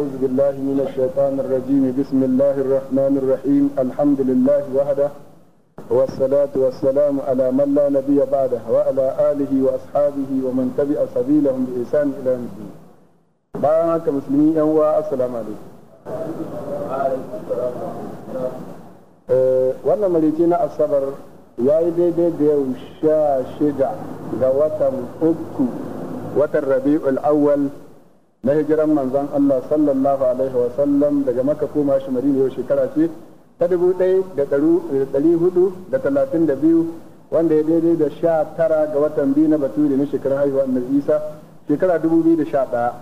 أعوذ بالله من الشيطان الرجيم بسم الله الرحمن الرحيم الحمد لله وحده والصلاة والسلام على من لا نبي بعده وعلى آله وأصحابه ومن تبع سبيلهم بإحسان إلى يوم الدين بارك مسلمين والسلام عليكم أه، وانا malice الصبر يا ya دي دي وشا شجع sha shida ga وطن uku watan na hijiran manzon Allah sallallahu alaihi wa sallam daga maka koma shi Madina yau shekara ce ta dubu ɗaya da ɗari hudu da talatin da biyu wanda ya daidai da sha tara ga watan biyu na baturi na shekarar haihuwa annabi Isa shekara dubu biyu da sha ɗaya.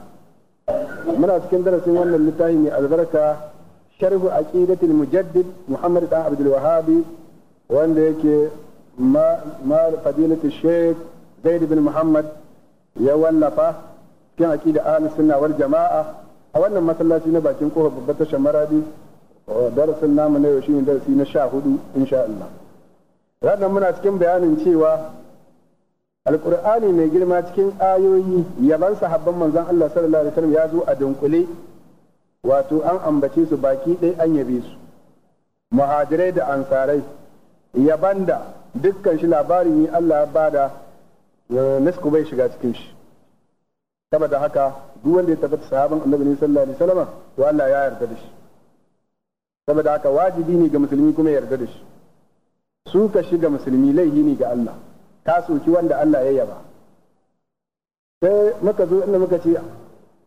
Muna cikin darasin wannan littafi mai albarka sharhu aqidatul mujaddid Muhammad dan Abdul Wahabi wanda yake ma ma fadilatul Sheikh Zaid bin Muhammad ya wallafa cikin aqida ahlus sunna wal jama'a a wannan masallaci na bakin kofar babbar tashar maradi darasin namu na yau shine darasi na sha hudu insha Allah muna cikin bayanin cewa alkur'ani mai girma cikin ayoyi yaban sahabban manzon Allah sallallahu alaihi wasallam ya zo a dunkule wato an ambace su baki ɗaya an yabe su muhajirai da ansarai yaban da dukkan shi labarin ne Allah ya bada eh, nisku bai shiga cikin shi saboda haka duk wanda ya tabbata sahabin annabi ne sallallahu alaihi wasallam to Allah ya yarda da shi saboda haka wajibi ne ga musulmi kuma yarda da shi su ka shiga musulmi laihi ne ga Allah ka soki wanda Allah ya yaba sai muka zo inda muka ce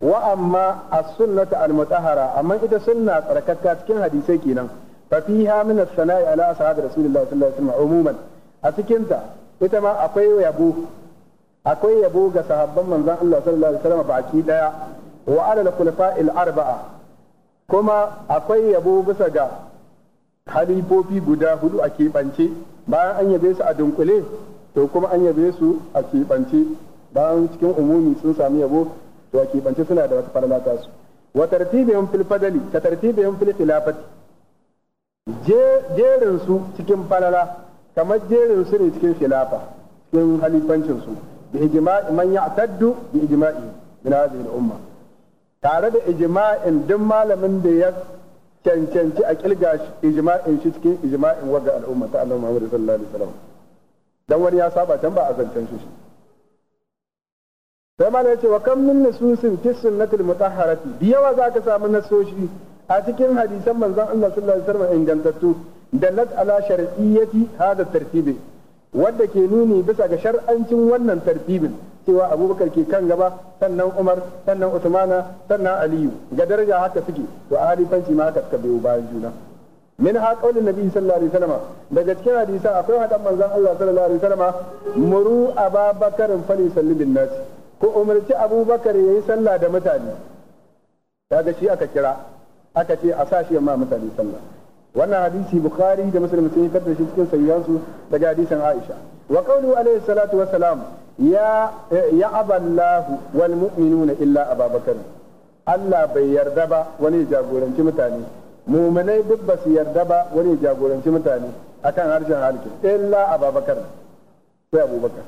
wa amma as sunnah al-mutahhara amma ita sunna tsarkakka cikin hadisai kenan fa fiha min as-sana'i ala ashabi rasulillahi sallallahu alaihi wasallam umuman a cikin ita ma akwai yabo akwai yabo ga sahabban manzon Allah sallallahu alaihi wasallam baki daya wa ala al arba'a kuma akwai yabo bisa ga halifofi guda hudu a keɓance bayan an yabe su a dunkule to kuma an yabe su a keɓance bayan cikin umumi sun sami yabo to a keɓance suna da wata farlata su wa tartibihim fil fadali ka tartibihim fil khilafati jerin su cikin falala kamar jerin su ne cikin khilafa cikin halifancin su بإجماع من يعتد بإجماعه من هذه الأمة tare da ijma'in duk malamin da ya cancanci a kilga ijma'in shi cikin ijma'in waga al'umma ta annabi Muhammad sallallahu alaihi wasallam dan wani ya saba can ba a shi sai yace wa kam min nususin fi sunnatil mutahharati da yawa zaka samu nasoshi a cikin hadisan manzon Allah sallallahu alaihi wasallam ingantattu dallat ala shar'iyyati hada tartibi wadda ke nuni bisa ga shar'ancin wannan tartibin cewa abubakar ke kan gaba sannan umar sannan usmana sannan aliyu ga daraja haka suke to a halifanci ma haka suka biyo bayan juna min ha qaulin nabi sallallahu alaihi wasallam daga cikin hadisi akwai hadan manzon Allah sallallahu alaihi wasallam muru ababakar fali sallibin nas ko umarci abubakar yayi sallah da mutane kaga shi aka kira aka ce a sashi ma mutane sallah wannan hadisi bukhari da muslim sun fitar da shi cikin sahihansu daga hadisin aisha wa qawlu alayhi salatu wa salam ya ya aballahu wal mu'minuna illa ababakar Allah bai yarda ba wani ya jagoranci mutane muminai duk ba su yarda ba wani ya jagoranci mutane akan harshen halki illa ababakar sai abubakar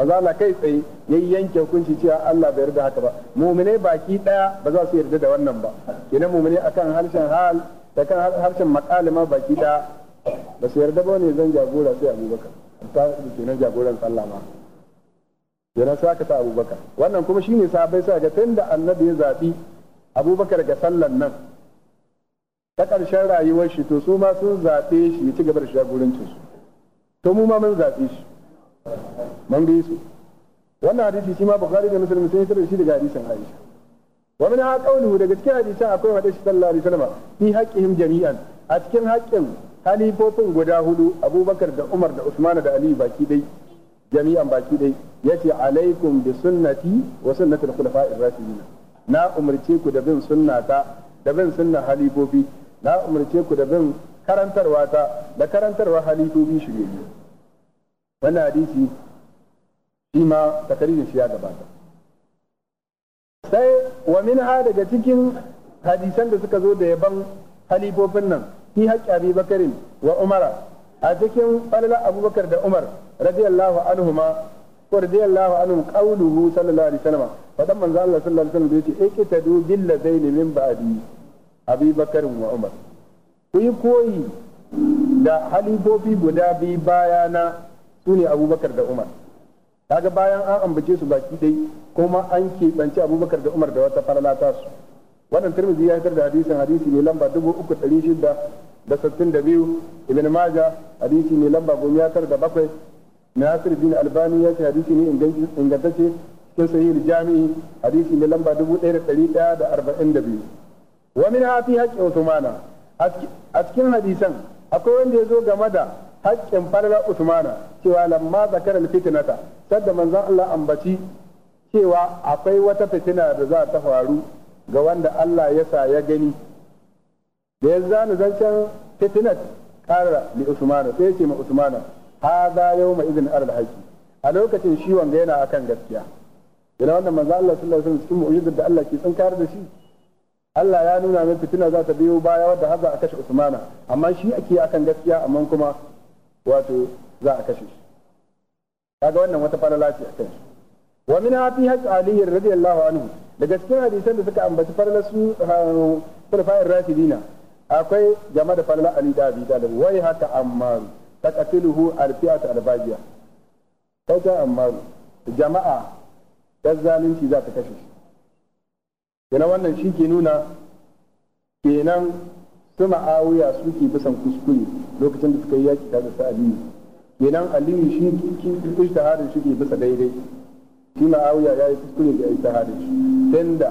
maza za Allah kai tsaye ya yanke hukunci cewa Allah bai yarda haka ba muminai baki daya ba za su yarda da wannan ba kenan muminai akan harshen hal da kan harshen makalima baki da ba su yarda ba ne zan jagora sai abubakar ta kenan jagoran sallah ma kenan sai aka ta abubakar wannan kuma shine sabai sai ga tunda annabi ya zabi abubakar ga sallan nan ta ƙarshen rayuwar shi to su ma sun zaɓe shi ya ci gaba da shagorancin su to mu ma mun zaɓe shi mun bi su wannan hadisi shi ma bukhari da muslim sun yi da shi daga hadisin aisha wa min daga cikin hadisin akwai wa dashi sallallahu alaihi wasallam fi haqqihim jami'an a cikin haƙƙin halifofin guda hudu Abubakar da Umar da Usman da aliyu baki dai jami'an baki dai yace alaikum bi sunnati wa sunnati al-khulafa'ir rashidin na umarce ku da bin sunnata da bin sunnar halifofi na umarci ku da bin karantarwa ta da karantarwa halifofi shirye wani hadisi shi ma takaririn ya gabata sai wa min ha daga cikin hadisan da suka zo da yaban halifofin nan fi haƙƙi abi bakarin wa umara a cikin falala abubakar da umar radiyallahu anhuma ko radiyallahu anhu qauluhu sallallahu alaihi wasallam fadan manzo Allah sallallahu alaihi wasallam yace ikitadu bil ladaini min ba'di abi wa umar ku yi koyi da halifofi guda biyu bayana sune abubakar da umar kaga bayan an ambace su baki dai kuma an banci abubakar da umar da wata falala su wannan tirmidhi ya fitar da hadisin hadisi ne lamba dubu da sittin ibn maja hadisi ne lamba goma da bakwai nasir bin albani ya ce hadisi ne ingantacce cikin sahih jami'i hadisi ne lamba dubu ɗaya da ɗari da arba'in da biyu wa min hafi haƙƙi usmana a cikin hadisan akwai wanda ya zo game da haƙƙin farga usmana cewa lamma zakara fitnata sadda manzan Allah ambaci cewa akwai wata fitina da za ta faru ga wanda Allah ya sa ya gani da ya zana zancen fitinat ƙara li usmana sai ce ma usmana za yau ma al haqi a lokacin shi wanga yana akan gaskiya ina wanda manzon Allah sallallahu alaihi wasallam cikin mu'jizar da Allah ke tsinkar da shi Allah ya nuna min fitina za ta biyo baya wadda haza a kashe Usmana amma shi ake akan gaskiya amma kuma wato za a kashe shi kaga wannan wata falala ce akan shi wa min hafi hajj ali radiyallahu anhu daga cikin hadisan da suka ambaci falalar su ah, kulfa'ir rashidina akwai game da falalar ali da abi da wai haka ammaru taqatiluhu alfiyatu albajiya kai ta ammaru jama'a dan zalunci za ta kashe shi kenan wannan shi ke nuna kenan su su suke bisan kuskure lokacin da suka yi yaki tare da aliyu kenan aliyu shi ijtihadin shi ke bisa daidai shi ma'awiya ya yi kuskure da ijtihadin shi da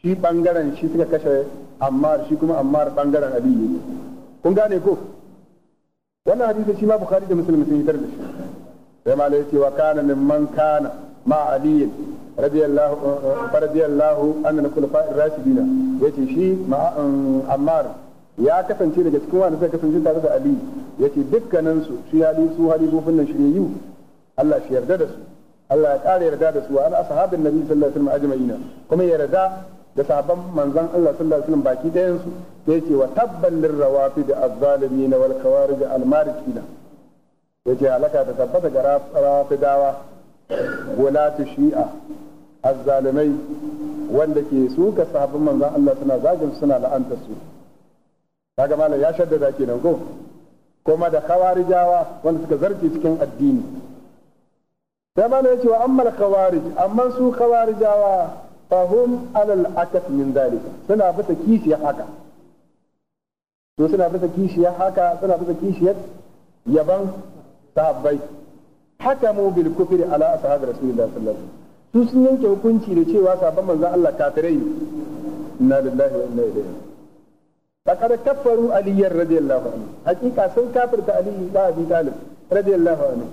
shi bangaren shi suka kashe ammar shi kuma ammar bangaren aliyu kun gane ko wannan hadisi shi ma bukhari da muslim sun hitar da shi sai malai yace wa kana man kana ma aliyin radiyallahu radiyallahu anna kulfa ar-rashidina yace shi ma um, ammar ya kasance daga cikin wanda suka kasance tare da Ali yace dukkanin su shi hali su halifofin nan shiryayyu Allah shi yarda da su Allah ya ƙara yarda da su an ashabin nabi sallallahu alaihi wasallam ajma'ina kuma yarda da sabon manzon Allah sallallahu alaihi wasallam baki ɗayan su da yace wa tabban lirrawafid az-zalimin wal khawarij al-marikina ce halaka da tabbata ga rafidawa gulatu shi'a az-zalimai wanda ke suka sabon manzon Allah suna zagin suna la'anta su kaga malam ya shaddada kenan ko kuma da khawarijawa wanda suka zarce cikin addini sai malam ya ce wa ammal khawarij amma su khawarijawa fahum alal akat min dalika suna bisa kishiyar haka to suna bisa kishiyar haka suna kishi kishiyar yaban sahabbai hakamu bil kufri ala ashabi rasulillahi sallallahu alaihi wasallam su sun yanke hukunci da cewa sabon manzon Allah kafirai inna lillahi wa inna ilaihi laqad kaffaru aliyyar radiyallahu anhu hakika sun kafirta aliyu da abi talib radiyallahu anhu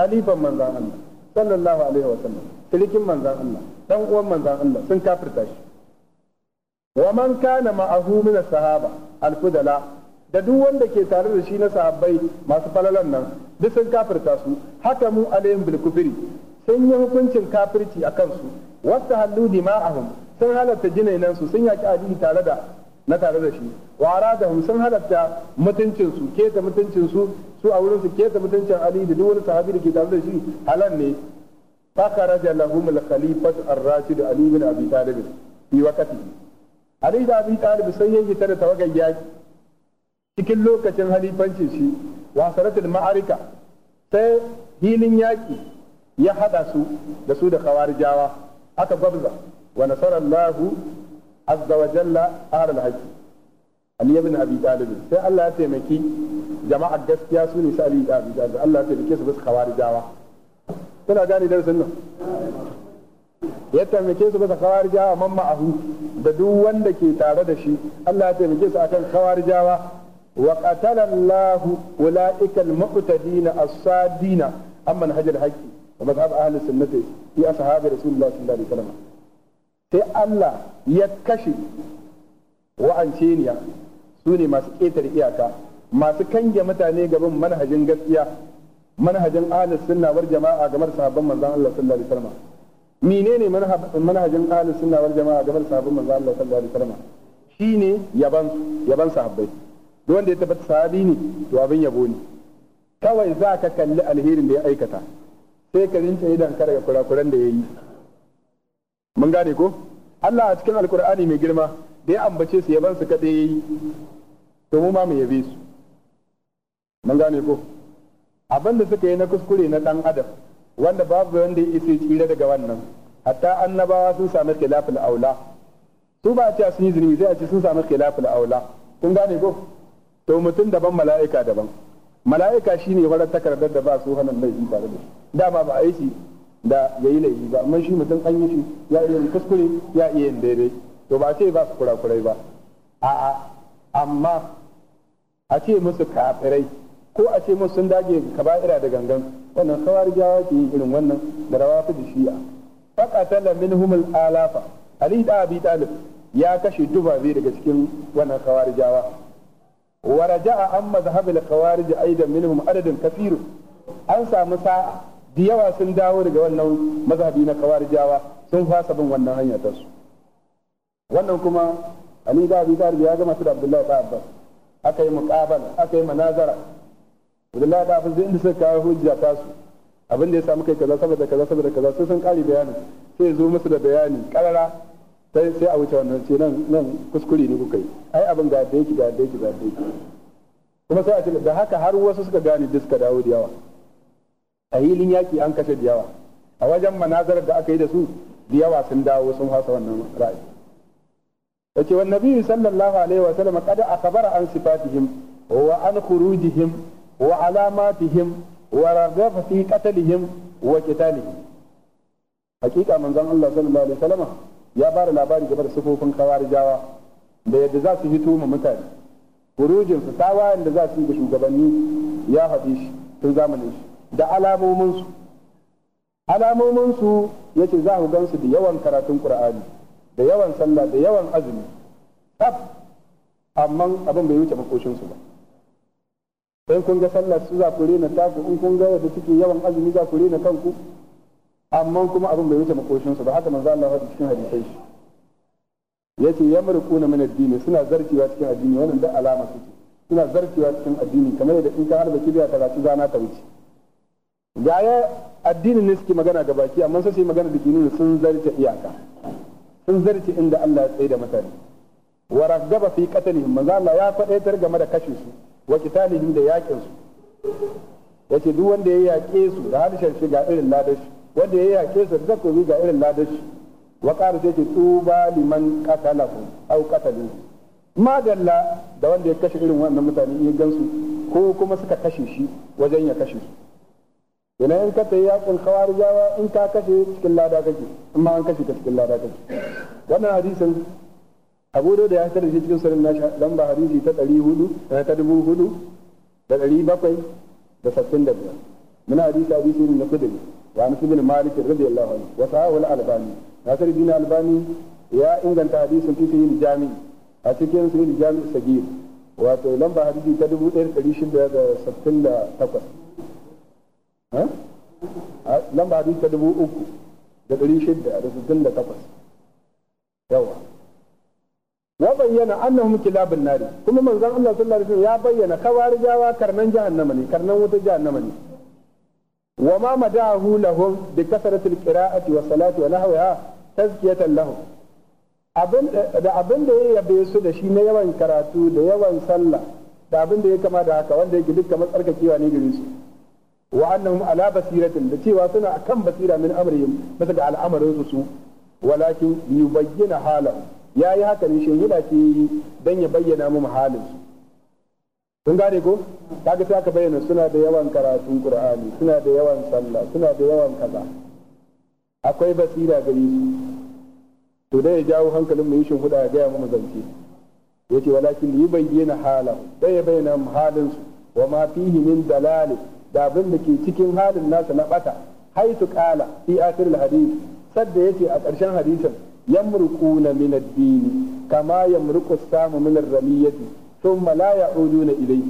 halifan manzan Allah sallallahu alaihi wa sallam tilikin manzan Allah dan uwan manzan Allah sun kafirta shi wa man ومن كان معه sahaba al da duk wanda ke tare da shi na sahabbai masu falalan nan duk sun kafirta su haka mu alayhim bil kufri sun yi hukuncin kafirci a kansu wasta ma dima'ahum sun halatta jinainan su sun yaki addini tare da na tare da shi wara da sun halatta mutuncin su keta mutuncin su su a wurin su keta mutuncin ali da duk wani sahabi da ke tare da shi halan ne kharaja lahum al khalifatu ar rashid ali bin abi talib fi waqti ali da abi talib sai yayi tare tawagar yaki cikin lokacin halifancin shi wasaratul ma'arika sai hilin yaki ya hada su da su da khawarijawa aka gwabza wa allah azza wa jalla ahlul haqqi ali ibn abi talib sai Allah ya taimaki jama'ar gaskiya su ne sai ali ibn abi talib Allah ya taimake su bisa khawarijawa kuna gane darasin nan ya taimake su bisa jawa man ma'ahu da duk wanda ke tare da shi Allah ya taimake su akan jawa wa qatala Allah ulaika al-muqtadina as-sadina amman hajal haqqi wa mazhab ahli sunnati fi ashabi rasulullah sallallahu alaihi wasallam sai Allah ya kashe wa'anceniya su ne masu ƙetare iyaka masu kange mutane gaban manhajin gaskiya manhajin ahlus sunna wal jama'a gamar sahabban manzon Allah sallallahu alaihi wasallam menene manhajin ahlus sunna wal jama'a gamar sahabban manzon Allah sallallahu alaihi wasallam shine yaban yaban sahabbai duk wanda ya tabbata sahabi ne to abin yabo ne kawai za ka kalli alherin da ya aikata sai ka rinta idan kare kurakuran da ya yi mun gane ko Allah a cikin alkur'ani mai girma da ya ambace su yaban su ya yayi to mu ma mu yabe su mun gane ko abin da suka yi na kuskure na ɗan adam wanda babu wanda ya isa tsira daga wannan hatta annabawa sun sami khilaful aula su ba a ce sun yi zunubi sai a ce sun sami khilaful aula kun gane ko to mutum daban mala'ika daban mala'ika shine warar takardar da ba su hanan mai in tare da dama ba a yi shi da yayi laifi ba amma shi mutum an yi shi ya iya yin kuskure ya iya yin daidai to ba a ce ba su kurakurai ba a'a amma a ce musu kafirai ko a ce musu sun dage kaba'ira da gangan wannan kawar jawa ke yin irin wannan da rawa fi shi'a faqatala min humul alafa ali da abi talib ya kashe dubabe daga cikin wannan jawa wa raja'a an zahabil kawarij aidan minhum adadin kafiru an samu sa'a da yawa sun dawo daga wannan mazhabi na kawarijawa sun fasa bin wannan hanya ta su wannan kuma ali da abi da ya gama su da abdullahi da abbas aka yi muqabal aka yi manazara abdullahi da abbas inda suka kawo hujja ta su abin da ya samu kai kaza saboda kaza saboda kaza sai sun kare bayani sai zo musu da bayani karara sai sai a wuce wannan ce nan nan kuskure ne kuka yi ai abin ga da yake ga da yake ga da yake kuma sai a ce da haka har wasu suka gane da suka dawo da yawa a hilin yaki an kashe da yawa a wajen manazarar da aka yi da su da yawa sun dawo sun hasa wannan ra'ayi yace wan nabi sallallahu alaihi wa sallam qad akhbara an sifatihim wa an khurujihim wa alamatihim wa raghafa fi qatlihim wa qitalihim hakika manzon Allah sallallahu alaihi wa sallam ya bada labari game da sifofin kawarijawa da yadda za su fito ma mutane kurujin su tawayen da za su yi ga shugabanni ya haɗe shi tun zamanin shi da alamominsu alamominsu ya ce za ku gansu da yawan karatun ƙur'ani da yawan sallah da yawan azumi tsaf amma abin bai wuce makoshinsu ba in kun ga sallah su za ku rena taku in kun ga yadda suke yawan azumi za ku rena kanku amma kuma abin bai wuce makoshinsu ba haka manzo Allah ya cikin hadisai shi yace yamruquna min ad suna zarcewa cikin addini wannan da alama suke suna zarcewa cikin addini kamar yadda in ka harba kibiya ta zana ta wuce gaya addinin ne suke magana ga baki amma sai magana da ginin sun zarce iyaka sun zarce inda Allah ya tsaye da mutane wa raggaba fi qatlihim manzo Allah ya faɗaitar game da kashe su wa qitalihim da yakin su yace duk wanda ya yaƙe su da harshen shi ga irin ladashi wanda ya yaƙe su da takobi ga irin ladashi wa qara yace ce tuba liman qatalahu aw qataluhu madalla da wanda ya kashe irin wannan mutane ya gansu ko kuma suka kashe shi wajen ya kashe su ina in ka tayi yakin khawarijawa in ka kashe cikin lada kake amma an kashe ka cikin lada kake wannan hadisin Abu da ya fitar da shi cikin sunan nashi lamba hadisi ta 400 eh, ta 4000 da 700 da 65 muna hadisi hadisi ne na kudin wa an ibn Malik radiyallahu anhu wa sahahu al-Albani Nasir bin Albani ya inganta hadisin cikin yin jami a cikin sahih jami sagir wato lamba hadisi ta 1668 lamba hadisi ta dubu uku da ɗari shida da sittin da takwas yawa wa bayyana annahum kilabun nari kuma manzon Allah sallallahu alaihi wasallam ya bayyana kawarijawa karnan jahannama ne karnan wuta jahannama ne wa ma madahu lahum bi kasratil qira'ati wa salati wa nahwiha tazkiyatan lahum abin da abin da ya yabe su da shi na yawan karatu da yawan sallah da abin da ya kama da haka wanda yake dukkan matsarkakewa ne gare su wa annahum ala basiratin da cewa suna akan basira min amrihim bisa ga al'amarin su su walakin yubayyana halahu yayi haka ne shin yana ce dan ya bayyana mu halin su kun gane ko kaga sai aka bayyana suna da yawan karatun qur'ani suna da yawan sallah suna da yawan kaza akwai basira gari su to dai ya jawo hankalin mu yi shin huda ya gaya mu zance yace walakin yubayyana halahu dai ya bayyana mu halin su wa ma fihi min dalalin da abin da ke cikin halin nasa na bata haitu kala fi akhir alhadith sadda yace a ƙarshen hadisin yamruquna min ad-din kama yamruqu samu min ar-ramiyati thumma la ya'uduna ilayhi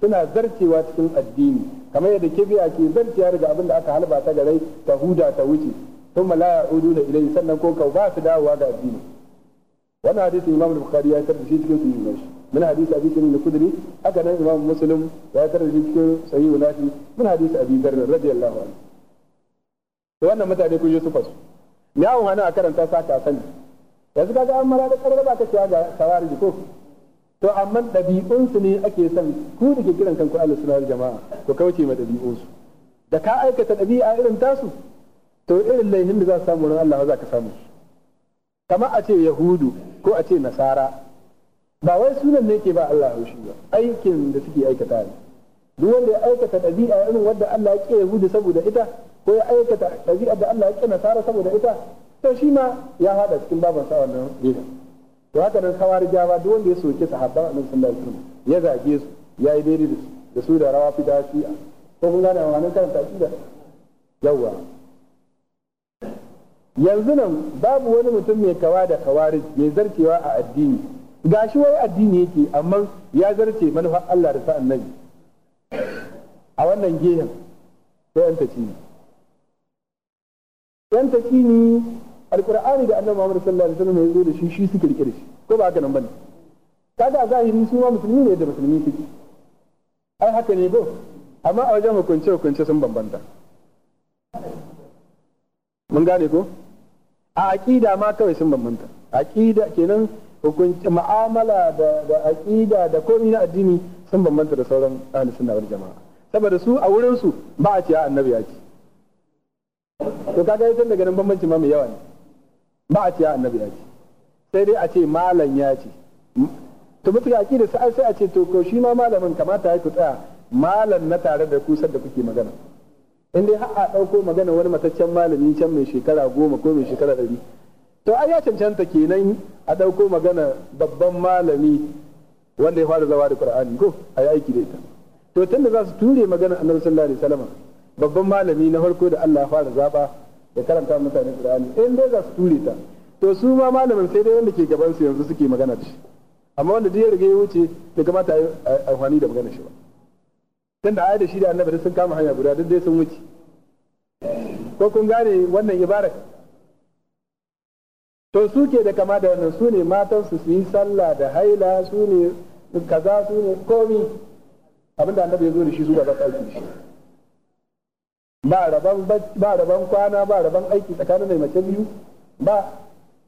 suna zarcewa cikin addini kamar yadda kibiya ke zarciya daga abin da aka halba ta garai ta huda ta wuce thumma la ya'uduna ilayhi sannan ko ka ba su dawowa ga addini wannan hadisin imam al-bukhari ya tabbata shi cikin sunan shi من حديث أبي ذر الخدري هكذا الإمام مسلم ويترى في صحيح نافي من حديث أبي ذر رضي الله عنه wannan mutane kun Yusufa su me yawon hana a karanta sata ka sani yanzu kaga an mara da karbar ba ka ga ko to amma ɗabi'unsu ne ake san ku da ke kiran kanku Allah sunan jama'a ku kauce ma ɗabi'unsu da ka aikata ɗabi'a irin tasu to irin laihin da za su samu ran Allah za ka samu kamar a ce yahudu ko a ce nasara ba wai sunan ne ke ba Allah haushi ba aikin da suke aikata ne duk wanda ya aikata ɗabi'a irin wanda Allah ya ke Yahudi saboda ita ko ya aikata ɗabi'a da Allah ya ke Nasara saboda ita to shi ma ya haɗa cikin baban sa wannan gefe to haka nan sawari jawa duk wanda ya soke sahabban Annabi sallallahu alaihi wasallam ya zage su ya yi daidai da su da su da rawa fi dashi ko kun gane wa nan karanta shi da yawa yanzu nan babu wani mutum mai kawa da kawari mai zarkewa a addini gashi wai addini yake amma ya zarce manufar Allah da ta annabi a wannan gehen sai yan tacini yan ne alqur'ani da annabi Muhammad sallallahu alaihi wasallam ya zo da shi shi su kirkire shi ko ba haka nan bane kada a zahiri su ma musulmi ne da musulmi suke ai haka ne ba amma a wajen hukunce hukunce sun bambanta mun gane ko a aqida ma kawai sun bambanta aqida kenan hukunci ma'amala da da aqida da komai na addini sun bambanta da sauran ahli sunna wal jama'a saboda su a wurin su ba a ce annabi ya ce to kaga yayin daga nan bambanci ma mai yawa ne ba a ce annabi ya ce sai dai a ce malam ya ce to mutu aqida sai sai a ce to ko shi ma malamin kamata ya ku tsaya malam na tare da ku da kuke magana in dai har a ɗauko magana wani mataccen malami can mai shekara goma ko mai shekara ɗari to ai ya cancanta kenan a ɗauko magana babban malami wanda ya fara zawa da qur'ani ko ai aiki da ita to tunda za su ture magana annabi sallallahu alaihi wasallam babban malami na farko da Allah ya fara zaba ya karanta mutane qur'ani eh, in dai za su ture ta to su ma malamin sai dai wanda ke gaban su yanzu suke magana da shi amma wanda duk ya riga ya wuce bai kamata a yi amfani da magana shi ba tunda ai da shi da annabi sun kama hanya guda duk dai sun wuce ko kun gane wannan ibarar to su ke da kama da wannan su ne matan su yi sallah da haila su ne kaza su ne komi da annabi ya zo da shi su ga aiki shi ba raban ba raban kwana ba raban aiki tsakanin mai mace biyu ba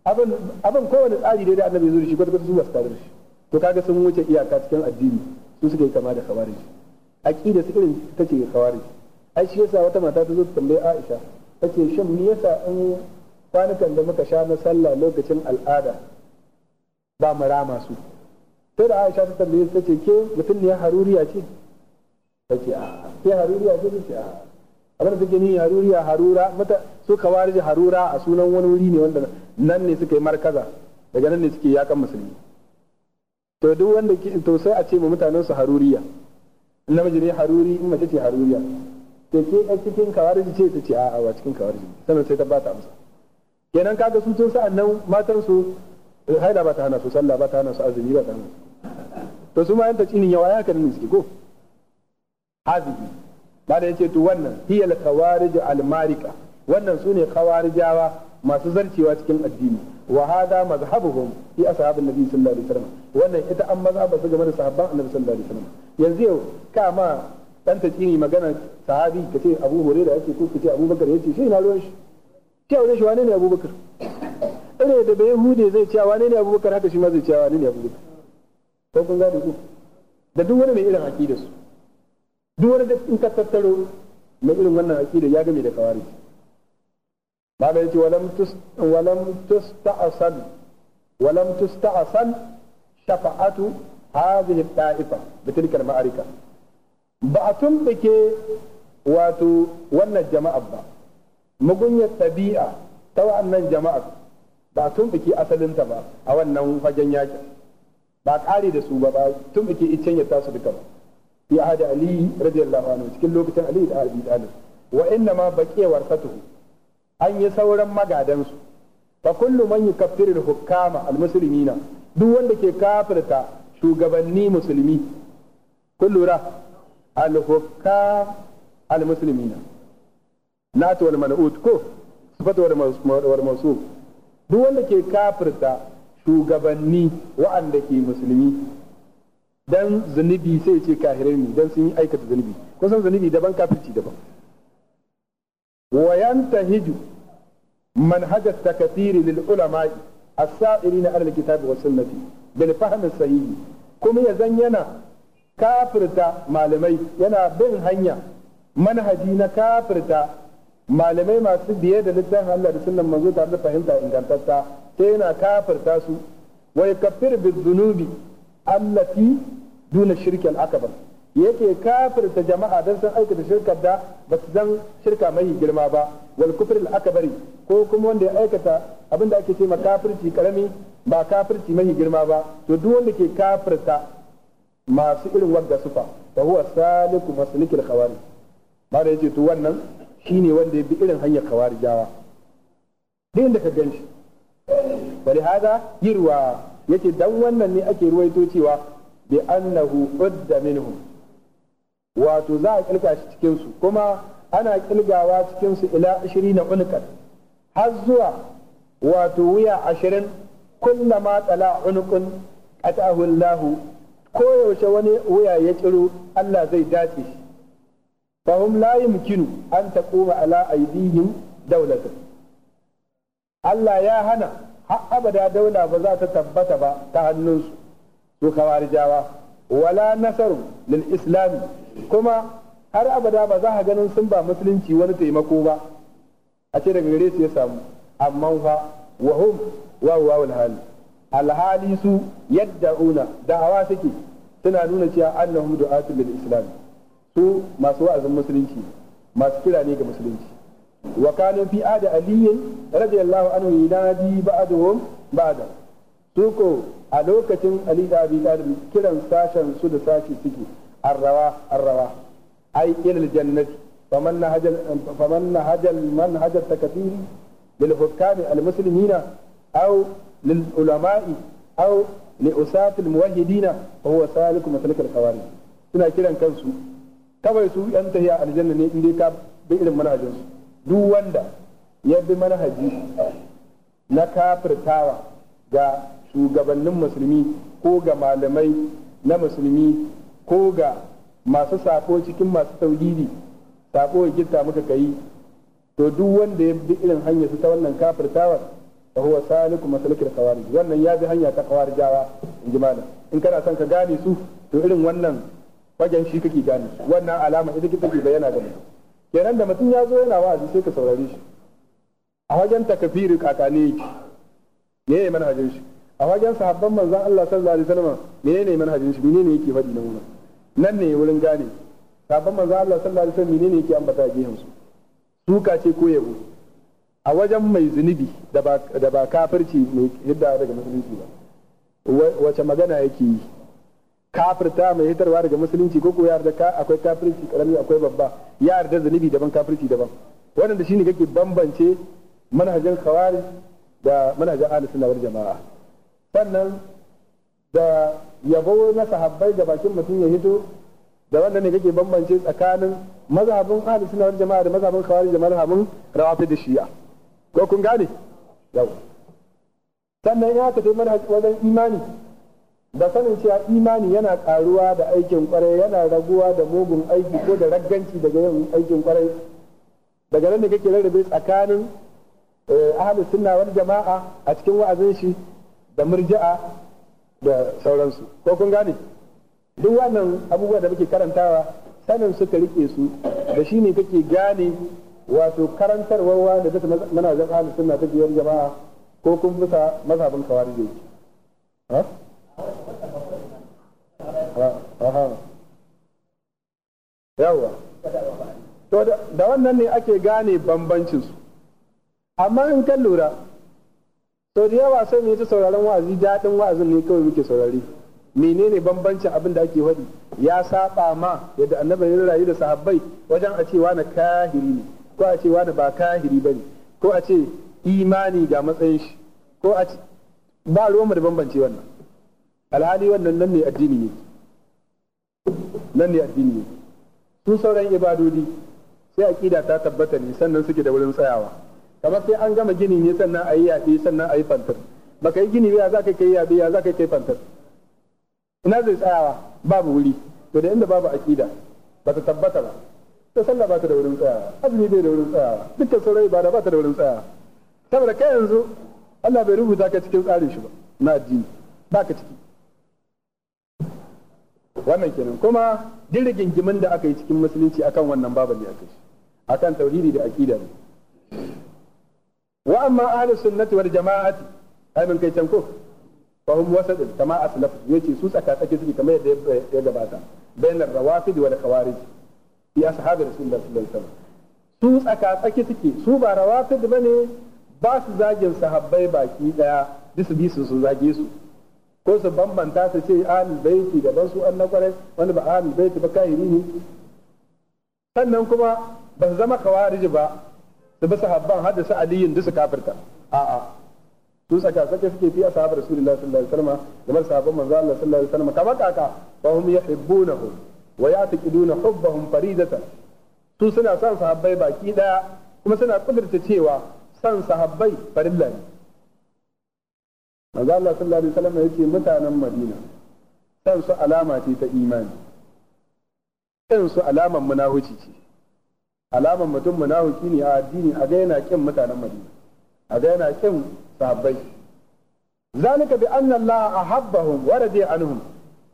abin abin kowane tsari dai da annabi ya zo da shi kwata su ba su tare da shi to kaga sun wuce iyaka cikin addini su suke kama da khawarij aqida su irin tace khawarij ai shi yasa wata mata ta zo ta tambaye Aisha tace shin me yasa in kwanukan da muka sha na sallah lokacin al'ada ba mu rama su sai da Aisha ta tambaye ta ce ke mutum ne haruriya ce ta ce ke haruriya ce ta ce a abin da take ni haruriya harura mata su kawarji harura a sunan wani wuri ne wanda nan ne suka yi markaza daga nan ne suke yakan musulmi to duk wanda to sai a ce ma mutanen su haruriya namiji ne haruri in mace ce haruriya to ke cikin kawarji ce ta ce a'a wa cikin kawarji sannan sai ta ba ta amsa kenan kaga su tun sa'an nan matan su eh, haila ba ta hana su sallah ba ta hana su azumi ba ta hana to su ma yanta cinin yawa haka nan suke ko hazihi ba da yace to wannan hiyal khawarij al marika wannan sune khawarijawa masu zarcewa cikin addini wa hada mazhabuhum fi ashabin nabi sallallahu alaihi wasallam wannan ita an ba su game da sahabban annabi sallallahu alaihi wasallam yanzu yau kama dan ta magana sahabi kace abu hurairah yake ko kace abubakar yace shi na ruwan shi ta aure shi wane ne abubakar irin da bai hude zai ce wane ne abubakar haka shi ma zai ce wane ne abubakar ko kun gane ku da duk wani mai irin aqida su duk wani da in ka tattaro mai irin wannan aqida ya game da kawari ba da yace walam tus walam tusta'sal walam tusta'sal shafa'atu hadhihi taifa bitilka maarika ba a ke wato wannan jama'a ba mugunyar tabi'a ta wa'annan jama'a ba tun biki asalinta ba a wannan fagen yakin ba ƙari da su ba ba biki icen ya tasu duka ba Ya hada ali radiyallahu anhu cikin lokacin ali da abi talib wa inna ma baqiyawar fatuhu an yi sauran magadansu fa kullu man yukaffiru hukama almuslimina duk wanda ke kafirta shugabanni musulmi kullu ra al hukama al-muslimina nata wani man'ut ko sifatu wani masu duk wanda ke kafirta shugabanni wa'anda ke musulmi dan zunubi sai ce kahirai ne dan sun yi aikata zunubi kusan zunubi daban kafirci daban wa yantahiju manhaj at-takathiri lil ulama'i as sairi na al-kitabi was sunnati bil fahm sahihi kuma ya zan yana kafirta malamai yana bin hanya manhaji na kafirta malamai masu biye da littafin Allah da sunnan manzo tare da fahimta ingantacca sai yana kafirta su wa yakfir dhunubi allati duna shirki al-akbar yake kafirta jama'a dan san aikata shirkar da ba su zan shirka mai girma ba wal kufr al-akbari ko kuma wanda ya aikata abinda ake cewa kafirci karami ba kafirci mai girma ba to duk wanda ke kafirta masu irin wadda sufa fa huwa saliku maslikil khawarij ba da yace to wannan Shi ne wanda ya bi irin hanyar kawarijawa duk da ka gan shi bari haza? yirwa yake dan wannan ne ake ruwaito cewa bi annahu udda minhu wato za a kilga shi cikin kuma ana kilgawa cikinsu su ila 20 ulqat har zuwa wato wuya 20 kullama tsala unqun qatahu Allah ko yaushe wani wuya ya tsiro Allah zai dace shi fahim la yumkinu an taquma ala aydihim dawlatu Allah ya hana har abada daula ba za ta tabbata ba ta hannunsu su kawarijawa wala nasaru lil islam kuma har abada baza za ganin sun ba musulunci wani taimako ba a ce daga gare su ya samu amma fa wa hum wa huwa hali alhali su yad'una da'awa suke suna nuna cewa annahum du'atu lil islam su masu wa'azin musulunci masu kira ne ga musulunci wa kanu fi ada aliyin radiyallahu anhu yunadi ba'dhum ba'da su ko a lokacin ali da abi talib kiran sashen su da sashi suke arrawa arrawa ai ilal jannati faman nahajal faman nahajal manhaj takfiri lil hukam al muslimina aw lil ulama'i aw li usat al muwahhidina huwa al suna kiran kansu kawai su yan tahiya aljanna ne inda ka bi irin su duk wanda ya bi manhaji na kafirtawa ga shugabannin musulmi ko ga malamai na musulmi ko ga masu sako cikin masu tauhidi sako ya gitta muka kai to duk wanda ya bi irin hanyar su ta wannan kafirtawa fa huwa saliku masalikil khawarij wannan ya bi hanya ta khawarijawa in ji malam in kana son ka gane su to irin wannan Wajen shi kake gane wannan alama ita kike ke bayyana ga mutum kenan da mutum ya zo yana wa'azi sai ka saurare shi a wajen takafiri kakane yake me ne manhajin shi a wajen sahabban manzon Allah sallallahu alaihi wasallam me ne manhajin shi menene yake faɗi na wurin nan ne wurin gane sahabban manzon Allah sallallahu alaihi wasallam menene yake ambata gehen su suka ce ko yabo a wajen mai zunubi da ba kafirci mai hidda daga musulunci ba wace magana yake yi kafirta mai hitarwa daga musulunci ko kuwa yarda ka akwai kafirci karami akwai babba yarda zunubi daban kafirci daban waɗanda shi shine kake bambance manhajar khawari da manhajar ahlus sunna wal jamaa sannan da yabo na sahabbai da bakin mutum ya hito da wanda ne kake bambance tsakanin mazhabin ahlus sunna wal jamaa da mazhabin khawari da mazhabin rawafid da shi'a ko kun gane yau sannan ya ka dai manhaj wajen imani da sanin cewa imani yana karuwa da aikin kwarai yana raguwa da mugun aiki ko da ragganci daga yin aikin kwarai daga nan da kake rarrabe tsakanin eh, ahlus sunna wal jama'a a cikin wa'azin shi da murji'a da sauransu ko kun gane duk wannan abubuwa da muke karantawa sanin suka rike su da shi ne kake gane wato karantarwa da take manazan ahlus sunna ta yar jama'a ko kun bisa mazhabin kawarije ha yawa to da wannan ne ake gane bambancin amma in kan lura to da yawa sai mu yi ta sauraron wa'azi daɗin wa'azin ne kawai muke saurari menene bambancin abin da ake faɗi ya saba ma yadda annabi ya rayu da sahabbai wajen a cewa na kahiri ne ko a cewa na ba kahiri bane ko a ce imani ga matsayin shi ko a ce ba ruwan mu da bambance wannan alhali wannan nan ne addini ne nan ne addini ne su sauran ibadodi sai aqida ta tabbata ne sannan suke da wurin tsayawa kamar sai an gama gini ne sannan yi yaɓe sannan a yi fantar baka yi gini ya zaka kai yaɓe ya zaka kai fantar ina zai tsayawa babu wuri to da inda babu aqida ba ta tabbata ba ta sallah ba ta da wurin tsayawa azumi bai da wurin tsayawa dukkan sauran ibada ba ta da wurin tsayawa saboda kai yanzu Allah bai rubuta ka cikin tsarin shi ba na addini ba ka ciki wannan kenan kuma duk rigingimin da aka yi cikin musulunci akan wannan babu ne aka shi akan tauhidi da aqida ne wa amma ahlus sunnati wal jama'ati ai mun kai can ko fa hum wasadin kama aslaf yace su tsaka tsaki suke kamar yadda ya gabata bainar rawafid wal khawarij fi ashabi rasulullah sallallahu alaihi wasallam su tsaka tsaki suke su ba rawafid bane ba su zagin sahabbai baki daya duk su bi su zage su ko su bambanta su ce ahlul baiti ban su an na kwarai wani ba ahlul baiti ba kai ne sannan kuma ba su zama kawariji ba su bi sahabban hadda su aliyin duk su kafirta a'a su saka saka suke fi ashabar rasulullahi sallallahu alaihi wasallam da sahabban manzo Allah sallallahu alaihi wasallam kama kaka wa hum yuhibbunahu wa ya'taqiduna hubbahum faridatan su suna son sahabbai baki daya kuma suna kudurta cewa son sahabbai farilla ne maza Allah sallallahu alaihi wasallam ya ce mutanen Madina kan su alama ce ta imani kan su alaman munahuci ce alaman mutum munahuci ne a addini a ga yana kin mutanen Madina a ga yana kin sahabbai zalika bi anna Allah ahabbahum wa radiya anhum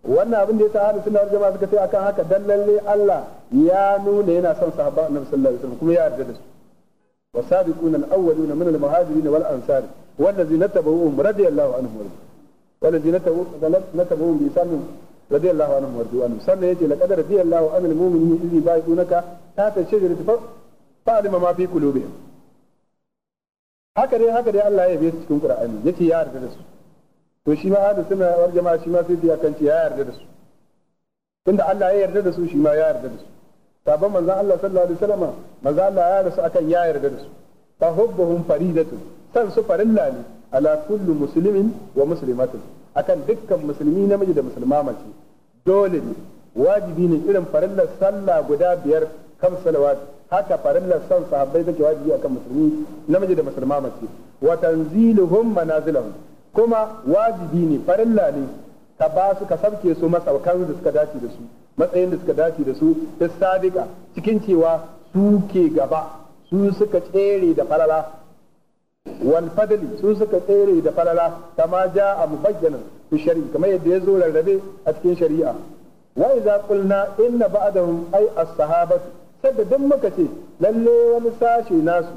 wannan abin da ya sa ahlus sunna wal jama'a suka ce akan haka dan lalle Allah ya nuna yana son sahabba annabi sallallahu alaihi wasallam kuma ya yarda da su wasabiquna al-awwaluna min al-muhajirin wal ansar والذين تبعوهم رضي الله عنهم ورضوا والذين تبعوهم بإحسان رضي الله عنهم ورضوا عنهم سنة يجي لقد رضي الله عن المؤمنين إذ يبايعونك تحت الشجرة فعلم ما في قلوبهم haka dai haka dai Allah ya biya cikin Qur'ani yace ya yarda da su to shi ma ahlus sunna wal jama'a shi ma sai biya kan ya yarda da su tunda Allah ya yarda da su shi ma ya yarda da su sabon manzon Allah sallallahu alaihi Allah ya yarda su akan ya yarda da su fa san su farilla ne ala kullu muslimin wa muslimatin akan dukkan musulmi namiji da musulma mace dole ne wajibi ne irin farillar sallah guda biyar kam salawat haka farillar san sahabbai take wajibi akan musulmi namiji da musulma mace wa tanziluhum manazilan kuma wajibi ne farilla ne ka ba su ka sabke su masaukan da suka dace da su matsayin da suka dace da su sadiqa cikin cewa su ke gaba su suka tsere da falala Wani fadali sun saka tsere da falala kama ja a mu bayyana fi shar'i kamar yadda ya zo rarrabe a cikin shari'a wa idza qulna inna mu ai a sahabatu sadda duk muka ce lalle wani sashe nasu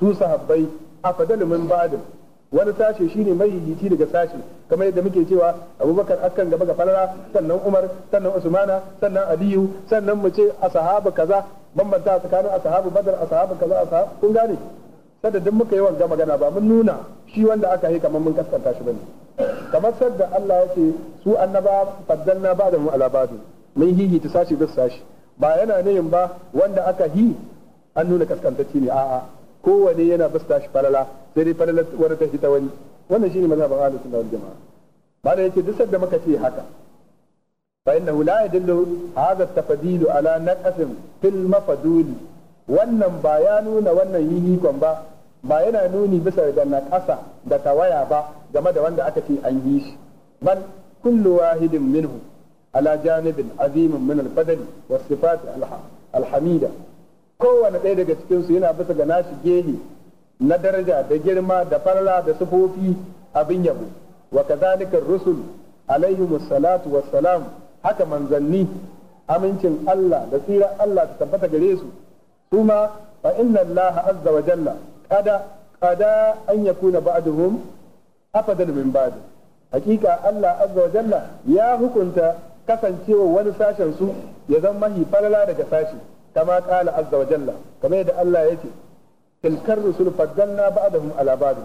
su sahabbai afdalu min ba'dahum wani sashe shine mahihici daga sashe kamar yadda muke cewa abubakar akan gaba ga falala sannan umar sannan usmana sannan aliyu sannan mu ce a sahaba kaza bambanta tsakanin a sahaba badar a sahaba kaza a sahaba sadda duk muka yi wanga magana ba mun nuna shi wanda aka yi kamar mun kaskanta shi bane kamar sadda Allah ya ce su annaba faddalna ba da mu alabadu mun hihi ta sashi bis sashi ba yana nayin ba wanda aka hi an nuna kaskantacci ne a'a kowane yana bis sashi falala sai dai falala wani ta hita wani wannan shine mazhabin ahlus sunna wal jamaa ba da yake duk sadda muka ce haka fa innahu la yadullu hadha at-tafdil ala naqasin fil mafduli wannan ba ya nuna wannan ikon ba ba yana nuni bisa ga naƙasa da tawaya ba game da wanda aka ce an yi shi bal kullu wahidin minhu ala janibin azimin min al-badali was sifat al-hamida kowane ɗaya daga cikin su yana bisa ga nashi gehe na daraja da girma da farla da sufofi abin yabo wa kadhalika rusul alaihimu salatu wassalam haka manzanni amincin Allah da tsirar Allah ta tabbata gare su ثم فإن الله عز وجل قد قد أن يكون بعضهم أفضل من hakika Allah azza wa jalla ya hukunta kasancewa wani sashen su ya zama mahi falala daga sashi kama kala azza wa jalla kamar yadda Allah ya ce tilkar rusul faddalna ba'dahum ala ba'd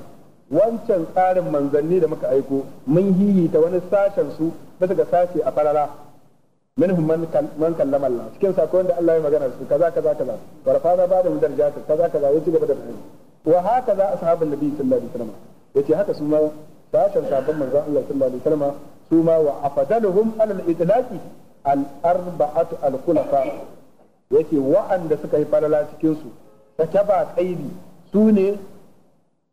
wancan tsarin manzanni da muka aiko mun hihita wani sashen su bisa ga sashi a falala minhum kallama Allah cikin sako Allah ya magana su kaza kaza kaza wa rafa'na ba'dahum darajat kaza kaza wuce gaba da bayani wa hakaza ashabun nabi sallallahu alaihi wasallam yace haka su ma sashen sabon manzon Allah sallallahu alaihi wasallam su ma wa afdaluhum alal itlaqi al arba'atu al khulafa yace wa'anda suka yi falala cikin su ta taba kaidi su ne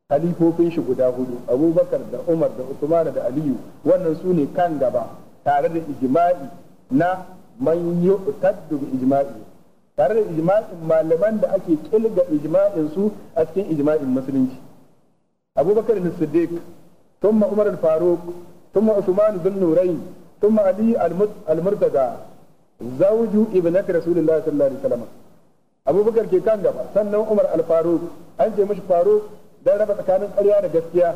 halifofin shi guda hudu abubakar da umar da usman da aliyu wannan su ne kan gaba tare da ijma'i na man yu'taddu bi ijma'i tare da ijma'in malaman da ake kilga ijma'in su a cikin ijma'in musulunci abubakar bin siddiq thumma umar al-faruq thumma usman bin nurayn thumma ali al-murtada zawju ibnati rasulullah sallallahu alaihi wasallam abubakar ke kan gaba sannan umar al-faruq an ce mishi faruq dan raba tsakanin ƙarya da gaskiya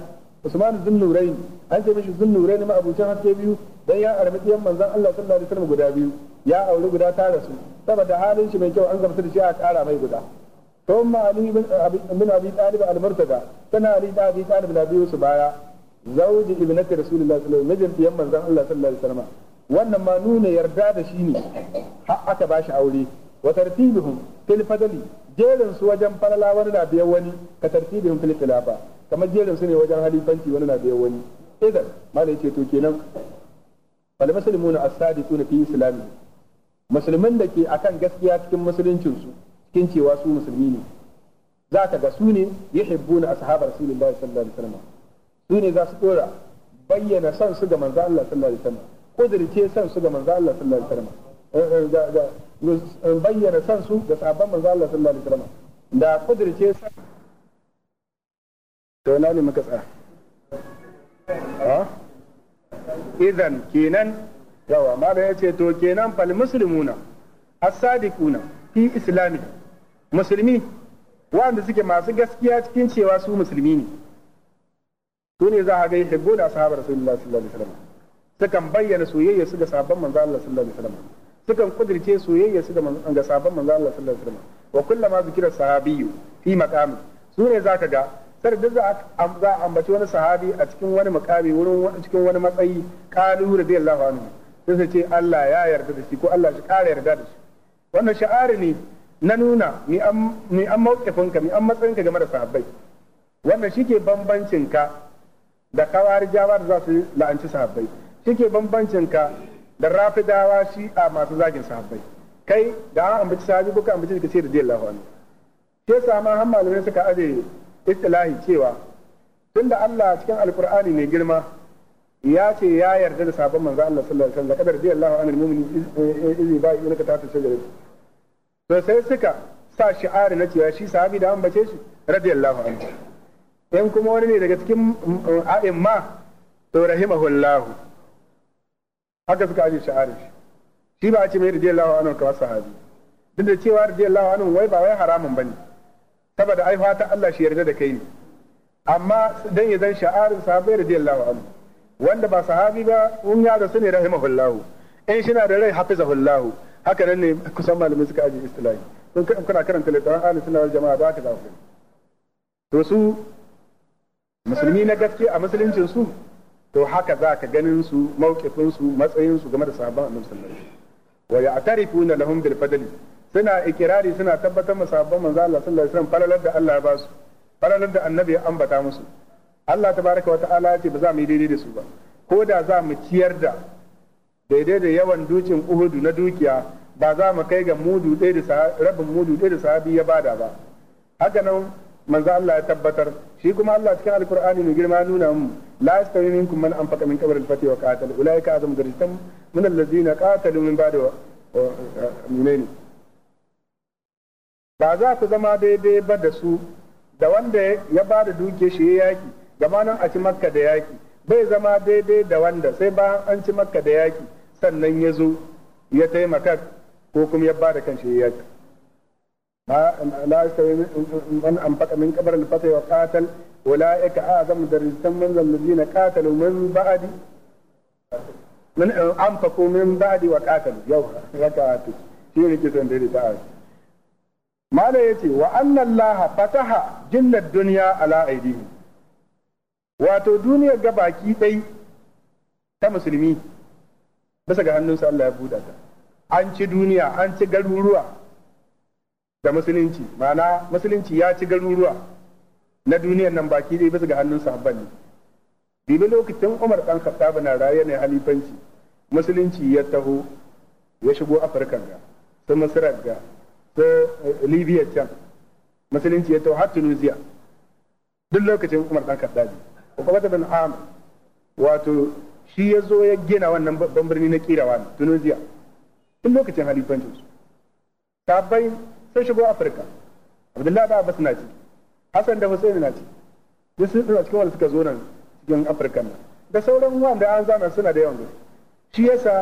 usman zunnurain an ce mishi zunnurain ma abucin haske biyu dan ya armi diyan manzon Allah sallallahu alaihi wasallam guda biyu ya auri guda tara su saboda halin shi mai kyau an gamsu da shi a kara mai guda ثم علي بن ابي بن ابي طالب المرتضى كان علي بن ابي طالب biyu su baya زوج ابنه رسول الله صلى الله عليه وسلم مجن يمن الله صلى wannan ma nuna yarda da shi ne har aka bashi aure wa tartibuhum fil fadli jerin su wajen falala wani na biyan wani ka tartibuhum fil khilafa kamar jerin su ne wajen halifanci wani na biyo wani idan malai ce to kenan fal muslimuna as-sadiquna fi islami musulmin da ke akan gaskiya cikin musuluncin su cikin cewa su musulmi ne za ka ga su ne yuhibbuna ashabar rasulillahi sallallahu alaihi wasallam su ne za su dora bayyana san su ga manzo Allah sallallahu alaihi wasallam kudirce san su ga manzo Allah sallallahu alaihi wasallam eh, eh, bayyana san su ga sahabban manzo Allah sallallahu alaihi wasallam da kudirce san. to na ne muka tsaya idan kenan yawa mala ya ce to kenan fal muslimuna as-sadiquna fi islami musulmi wanda suke masu gaskiya cikin cewa su musulmi ne su ne za a ga yahibbu da sahabar rasulullahi sallallahu alaihi wasallam sukan bayyana soyayya su ga sabon manzo Allah sallallahu alaihi wasallam sukan kudirce soyayya su ga sabon manzo Allah sallallahu alaihi wasallam wa kullama zikira sahabiyyu fi maqami su ne zaka ga tare da za a ambaci wani sahabi a cikin wani makami wurin cikin wani matsayi qalu radiyallahu anhu sai sai ce Allah ya yarda da shi ko Allah shi ƙara yarda da shi wannan sha'ari ne na nuna ni an ni an mauƙifinka ni an matsayinka game da sahabbai wannan shike bambancin ka da kawarijawa da za su la'anci sahabbai shike bambancin ka da rafidawa a masu zagin sahabbai kai da an ambaci sahabi ko ka ambaci ka ce radiyallahu anhu sai sama har malamai suka aje istilahi cewa da Allah cikin alkur'ani mai girma ya ce ya yarda da sabon manzo Allah sallallahu alaihi wasallam kadar radiyallahu anil mu'minin izi eh, eh, ba ibn ka tafi shajarat to sai suka sa shi'ari na cewa shi sahabi da an bace shi radiyallahu anhu in kuma wani ne daga cikin mm, a'imma to rahimahullahu haka suka aje shi'ari shi ba a ce mai radiyallahu anhu kawai sahabi duk da cewa radiyallahu anhu wai ba wai haramun bane saboda ai fata Allah shi yarda da kai ne amma dan ya zan sha'arin sahabbai radiyallahu anhu wanda ba sahabi ba un ya rasu ne rahimahullahu in shi na da rai hafizahullahu haka nan ne kusan malamai suka aje istilahi kun kana karanta littafin ahlus sunna wal jama'a ba ka za ku to su musulmi na gaske a musuluncin su to haka za ka ganin su mawqifin su matsayin su game da sahabban annabi sallallahu alaihi wasallam wa ya'tarifuna lahum bil fadli suna ikirari suna tabbatar ma sahabban manzo Allah sallallahu alaihi wasallam falalar da Allah ya ba su falalar da annabi ya ambata musu Allah tabaraka wa ta'ala ya ce ba za mu yi daidai da su ba ko da za mu ciyar da daidai da yawan dukin uhudu na dukiya ba za mu kai ga mudu ɗaya da rabin mudu ɗaya da sahabi ya bada ba haka nan manzo Allah ya tabbatar shi kuma Allah cikin alkur'ani mai girma nuna mu la yastawi minkum man anfaqa min qabl al-fath wa qatal ulaika azam darajatan min allazina qatalu min ba'da wa ba za ku zama daidai ba da su da wanda ya ba da duke shi yaki gama nan a ci makka da yaki bai zama daidai da wanda sai ba an ci makka da yaki sannan ya zo ya taimaka ko kuma ya ba da kan shi yaki la yastawi man anfaqa min qabr al-fatih wa qatal ulaika a'zam darajatan min alladhina qatalu min ba'di wa أنفقوا yau ya وقاتلوا shi ne شيء كده ديري تعالى mala ya wa anna laha fataha jinnar duniya ala aidihi wato duniyar ga baki ɗai ta musulmi bisa ga hannunsa Allah ya buɗa ta an ci duniya an ci garuruwa da musulunci ma'ana musulunci ya ci garuruwa na duniyar nan baki dai bisa ga hannunsa habban ne bibi lokacin Umar ɗan Khattab na raye ne halifanci musulunci ya taho ya shigo Afirka ga su ga ko eh, libya can musulunci ya tau har tunisia duk lokacin umar dan kaddabi ta bin amr wato shi ya zo ya gina wannan babban birni na kirawa tunisia duk lokacin halifancin su tabbai sai shigo afirka abdullahi da abbas na ci hassan da hussein na ci duk sun tsira cikin wanda suka zo nan cikin afirka nan da sauran wanda an zama suna da yawan gaske shi yasa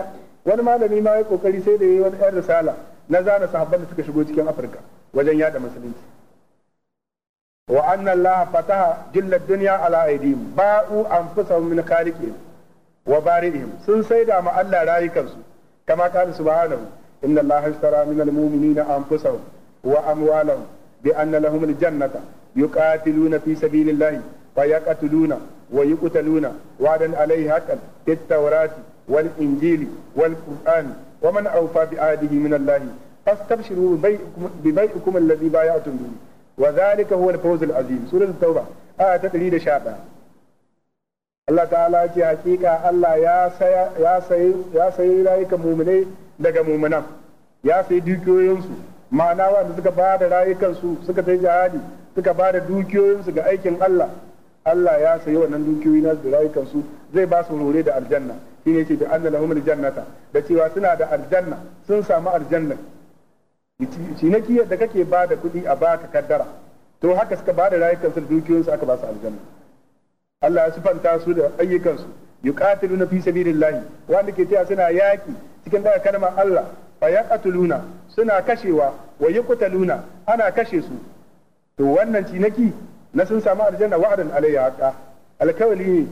wani malami ma ya kokari sai da yi wani yan risala na zana sahabban da suka shigo cikin Afirka wajen yada musulunci wa anna Allah fataha jillad dunya ala aydihim ba'u anfusahum min khaliqihim wa bari'ihim sun saida ma Allah rayukansu kama kana subhanahu inna Allah ashtara min al-mu'minina anfusahum wa amwalahum bi anna lahum al yuqatiluna fi sabilillahi fa yaqtuluna wa yuqtaluna wa'dan alayhi haqqan fit-tawrati wal-injili wal-qur'ani wa man awfa bi ahdihi min Allah fastabshiru bi bai'ikum alladhi bay'atum bihi wa dhalika huwa al-fawz al-azim suratul tauba aya ta 111 Allah ta'ala ce hakika Allah ya saya ya sayi ya sayi rayukan mu'minai daga mu'minan ya sayi dukiyoyinsu ma'ana wanda suka ba da rayukansu suka ta jihadi suka ba da dukiyoyinsu ga aikin Allah Allah ya sayi wannan dukiyoyi nasu da rayukansu zai ba su hore da aljanna shine ce bi anna lahumul jannata da cewa suna da aljanna sun samu aljanna ciniki da kake ba da kuɗi a baka kaddara to haka suka ba da rayukansu da dukiyoyinsu aka ba su aljanna Allah ya sifanta su da ayyukansu yuqatiluna fi sabilillahi wanda ke cewa suna yaki cikin daga kalmar Allah fa yaqatuluna suna kashewa wa yuqtaluna ana kashe su to wannan cinaki na sun samu aljanna wa'adan alayya haqa alkawli ne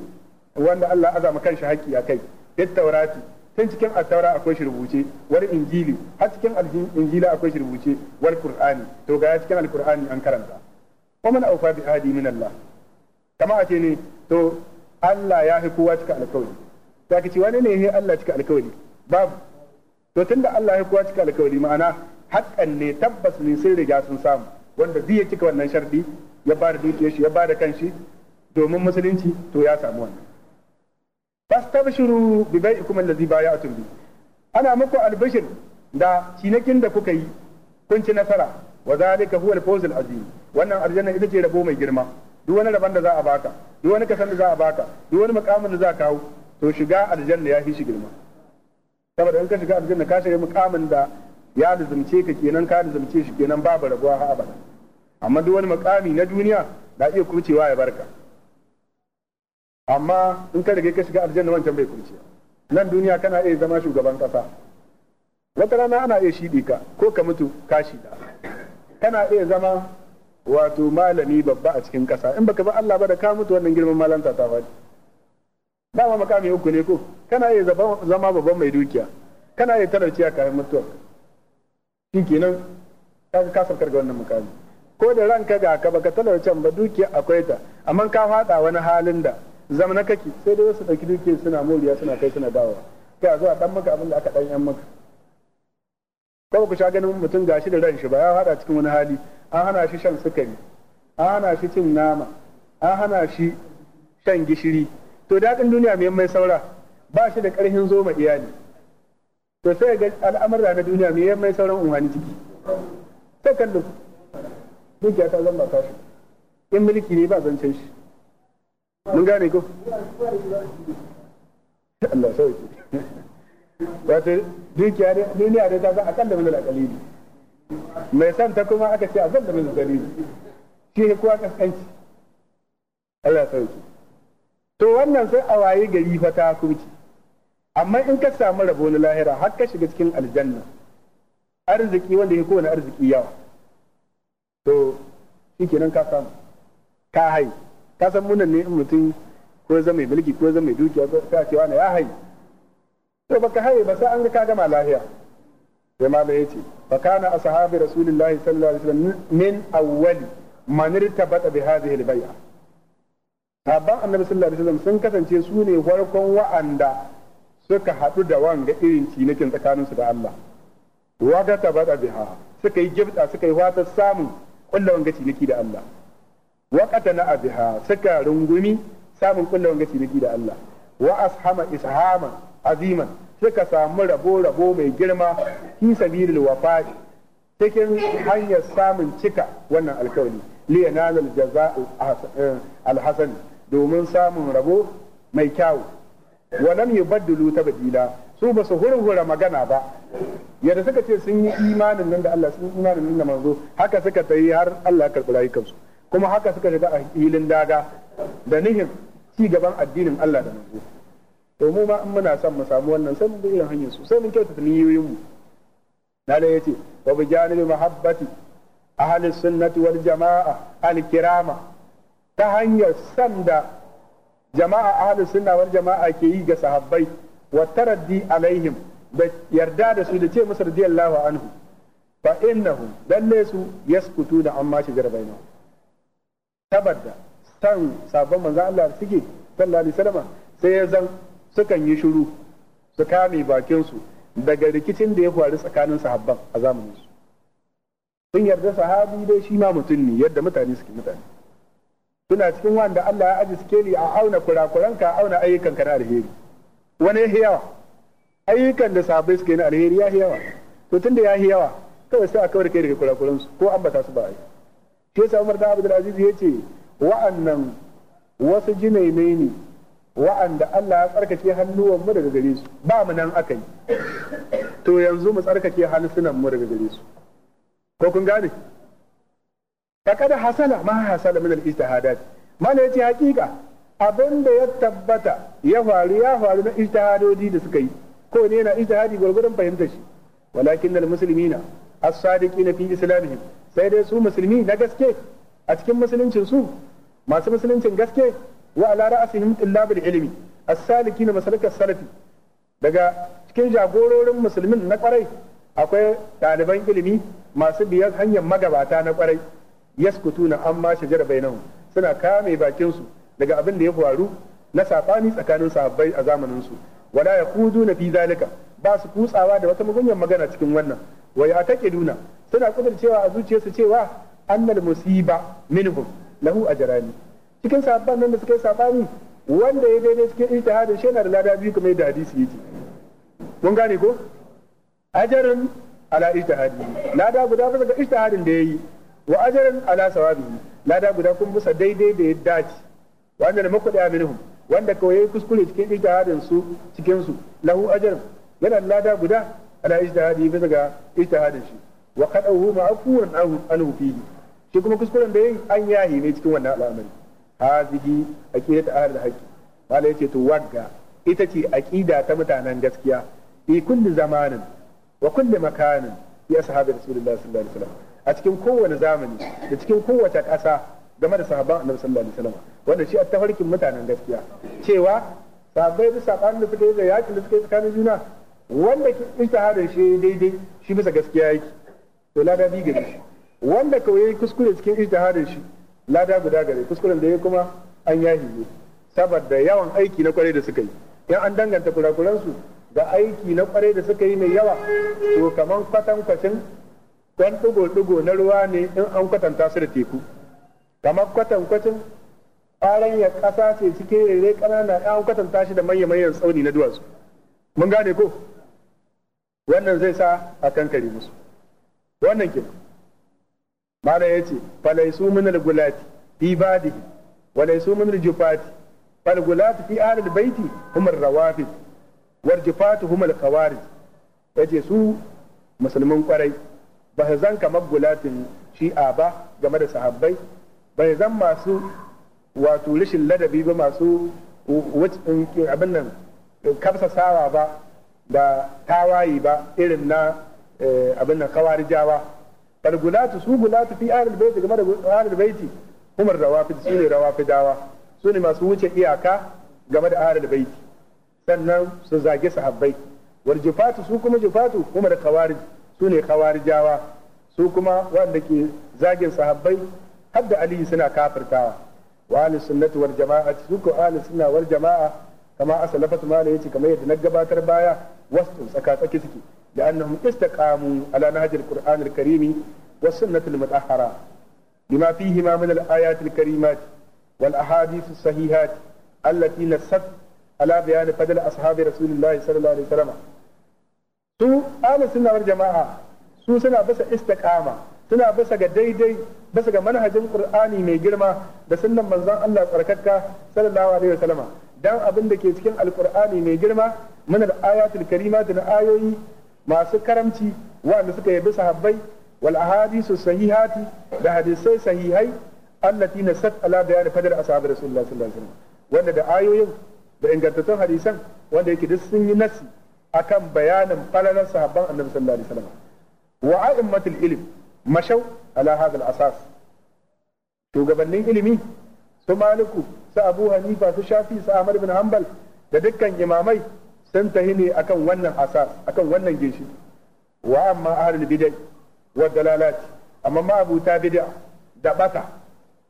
wanda Allah azama kanshi haƙƙi a kai fit taurati tun cikin attaura akwai shi rubuce wal injili har cikin injila akwai shi rubuce wal qur'ani to ga cikin alqur'ani an karanta wa man awfa bi ahdi min Allah kama a ce ne to Allah ya fi kowa cika alkawari ta ce wani ne ya Allah cika alkawari babu to tunda Allah ya kowa cika alkawari ma'ana haƙƙan ne tabbas ne da riga sun samu wanda zai ya cika wannan shardi ya ba ya bada kanshi domin musulunci to ya samu wannan fastabshiru bi bai'ikum allazi bay'atum bi ana muku albashir da cinikin da kuka yi kun ci nasara wa zalika huwa alfawz alazim wannan aljanna ita ce rabo mai girma duk wani rabon da za a baka duk wani kasan da za a baka duk wani makamin da za a kawo to shiga aljanna ya fi shi girma saboda in ka shiga aljanna ka shiga mukamin da ya lazumce ka kenan ka lazumce shi kenan babu rabuwa ha abada amma duk wani makami na duniya na iya kurcewa ya barka amma in ka rage ka shiga aljanna wancan bai kurce nan duniya kana iya zama shugaban kasa wata rana ana iya shiɗi ka ko ka mutu ka shiɗa kana iya zama wato malami babba a cikin kasa in baka ba Allah ba da ka mutu wannan girman malanta ta faɗi dama makami uku ne ko kana iya zama babban mai dukiya kana iya a kayan mutuwa shi kenan ka ka sarkar ga wannan makami ko da ranka ga ka baka talaucen ba dukiya akwai ta amma ka faɗa wani halin da na kake sai dai wasu ɗauki duke suna moriya suna kai suna dawowa kai a zuwa ɗan maka abin da aka ɗan yan maka ko ku sha ganin mutum gashi da ran shi ba ya hada cikin wani hali an hana shi shan sukari an hana shi cin nama an hana shi shan gishiri to daɗin duniya mai mai saura ba shi da ƙarfin zo ma iyali to sai ga al'amura na duniya mai mai sauran unhani ciki ta kallon dukiya ta ba kashi in mulki ne ba zancen shi mun gane ko Allah sauki wato dukiya ne duniya da ta san akalla min al-qalili mai san ta kuma aka ce akalla min al-qalili shi ne kuwa kaskanci Allah sauki to wannan sai a waye gari fa ta kuci amma in ka samu rabo na lahira har ka shiga cikin aljanna arziki wanda ya kowane arziki yawa to shikenan ka samu ka haihu Ka san munan ne in mutum ko zama mai mulki ko zama mai dukiya ko ka cewa na ya haye to baka haye ba sai an ga ka gama lafiya sai malam ya ce fa kana ashabi rasulullahi sallallahu alaihi wasallam min awwali man irtabata bi hadhihi albay'a baia sabban annabi sallallahu alaihi wasallam sun kasance su ne farkon wa'anda suka haɗu da wanga irin cinikin tsakaninsu da Allah ga tabata biha suka yi gifta suka yi wata samun kullum wanga ciniki da Allah Waƙata na abiha suka rungumi samun kullum gaci niki da Allah wa ashama ishaman aziman suka samu rabo rabo mai girma fi sabilil wafa cikin hanyar samun cika wannan alkawari li yanalul jaza alhasan domin samun rabo mai kyau wa lam yubaddilu tabdila su ba su hurhura magana ba yadda suka ce sun yi imanin nan da Allah sun imanin nan da haka suka tayi har Allah ya karɓi rayukansu kuma haka suka shiga a ilin daga da nihin ci gaban addinin Allah da manzo to mu ma in muna son mu samu wannan sai mun bi irin hanyar su sai mun kyautata niyoyin mu na da yace wa bi janibi mahabbati ahli sunnati wal jamaa al kirama ta hanyar san da jama'a ahli sunna wal jamaa ke yi ga sahabbai wa taraddi alaihim da yarda da su da ce musu radiyallahu anhu fa innahum lalle su yaskutu da amma shigar bainahum saboda san sabon manzon Allah da suke sallallahu alaihi wasallam sai ya zan sukan yi shiru su kame bakin su daga rikicin da ya faru tsakanin sahabban a zamanin su sun yarda sahabi dai shi ma mutum ne yadda mutane suke mutane suna cikin wanda Allah ya aji sikeli a auna kurakuran a auna ayyukan ka na alheri wani ya yawa ayyukan da sahabbai suke na alheri ya yawa mutum da ya yawa kawai sai a kawar kai daga su ko ambata su ba a yi shi Umar da Abdul ya ce wa'annan wasu jinainai ne wa'anda Allah ya tsarkake hannuwan mu daga gare su ba mu nan aka yi to yanzu mu tsarkake hannunan mu daga gare su ko kun gane kada hasala ma hasala min al-ijtihadat mana yace hakika abin da ya tabbata ya faru ya faru na ijtihadodi da suka yi ko ne yana ijtihadi gurgurdan fahimtar shi walakin al-muslimina as-sadiqina fi islamihim sai dai su musulmi na gaske a cikin musuluncin su masu musuluncin gaske wa ala ra'asihim ilimi ilmi as-salikin masalakas salafi daga cikin jagororin musulmin na kwarai akwai ɗaliban ilimi masu biyar hanyar magabata na kwarai yaskutuna amma shajara bainahu suna kame bakin su daga abin da ya faru na sabani tsakanin sahabbai a zamanin su wala yaquduna fi zalika ba su kutsawa da wata mugunyar magana cikin wannan wa ya duna, suna cewa a zuciyarsu cewa annal musiba minhum lahu ajrani cikin sabban nan da suka yi sabani wanda ya daidai cikin ijtihadin shi yana da lada biyu kuma da hadisi yake mun gane ko ajarin ala ijtihadi lada guda bisa ga ijtihadin da yayi wa ajarin ala sawabi lada guda kun bisa daidai da ya dace wanda da a minhum wanda kawai kuskure cikin ijtihadin su cikin su lahu ajarin yana lada guda ala ijtihadi bisa ga ijtihadin shi wa qadahu ma'furan anhu fihi shi kuma kuskuren da yin an yahi ne cikin wannan al'amari hazihi aqidatu ahlul haqqi mala yace to wagga ita ce aqida ta mutanen gaskiya fi kulli zamanin wa kulli makanin fi ashabi rasulullahi sallallahu alaihi wasallam a cikin kowane zamani da cikin kowace ƙasa game da sahabban annabi sallallahu alaihi wasallam wanda shi a tafarkin mutanen gaskiya cewa sahabbai bisa ƙarin da suka yi da yakin da suka yi tsakanin juna wanda istihadar shi daidai shi bisa gaskiya yake to lada bi gare shi wanda kawai yayi kuskure cikin ijtihadin shi lada guda gare kuskuren da yayi kuma an yahi ne saboda yawan aiki na kwarai da suka yi yan an danganta kurakuran su da aiki na kwarai da suka yi mai yawa to kaman kwatan kwacin dan dugo dugo na ruwa ne in an kwatanta su da teku kamar kwatan kwacin ƙaran ya ƙasa ce cikin rere ƙanana an kwatanta shi da manya-manyan tsauni na duwatsu mun gane ko wannan zai sa a kankare musu wannan kenan mala ce falai su al-gulati fi yi walai su al-jufati fal gulati fi ahli baiti humar rawafi war jufati humar kawari ya ce su musulmin kwarai ba su zan kamar gulatin shi'a ba game da sahabbai ba su zan masu wato rashin ladabi ba masu abin nan sawa ba da tawayi ba irin na eh, abin nan jawa bal gulatu su gulatu fi ahlul baiti game da ahlul baiti humar rawafid su ne rawafidawa su ne masu wuce iyaka game da ahlul baiti sannan su zage sahabbai wal jufatu su kuma jifatu kuma da kawarij su ne kawarijawa su kuma wanda ke zagin sahabbai har da aliyu suna kafirtawa wa ahlus sunnati wal jama'ati su ko ahlus sunna wal jama'a kama asalafatu mala yace kamar yadda na gabatar baya wasu tsaka tsaki suke da annahum istaqamu ala nahjil qur'anil karimi was sunnatil mutahhara bima fihi ma min al ayatil karimat wal ahadith as sahihat allati nasat ala bayan fadl ashabi Rasulillah sallallahu alaihi wasallam su ahlus sunna wal jamaa su suna bisa istiqama suna bisa ga daidai bisa ga manhajin qur'ani mai girma da sunnan manzon Allah tsarkaka sallallahu alaihi wasallam dan abin da ke cikin al alqur'ani mai girma min da ayatil karimati na ayoyi masu karamci waɗanda suka yabi sahabbai wal ahadisu sahihati da hadisai sahihai allati nasat ala bayan fadar ashabi rasulullah sallallahu alaihi wasallam wanda da ayoyin da ingantattun hadisan wanda yake duk sun yi nasi a kan bayanin falalan sahabban annabi sallallahu alaihi wasallam wa a'immatul ilm mashau ala hadha shugabannin ilimi su maliku su abu hanifa su shafi su ahmad bin Hambal da dukkan imamai sun tahi ne akan wannan asas akan wannan ginshi wa amma ahlul bid'ah wa dalalati amma ma abuta bid'a da bata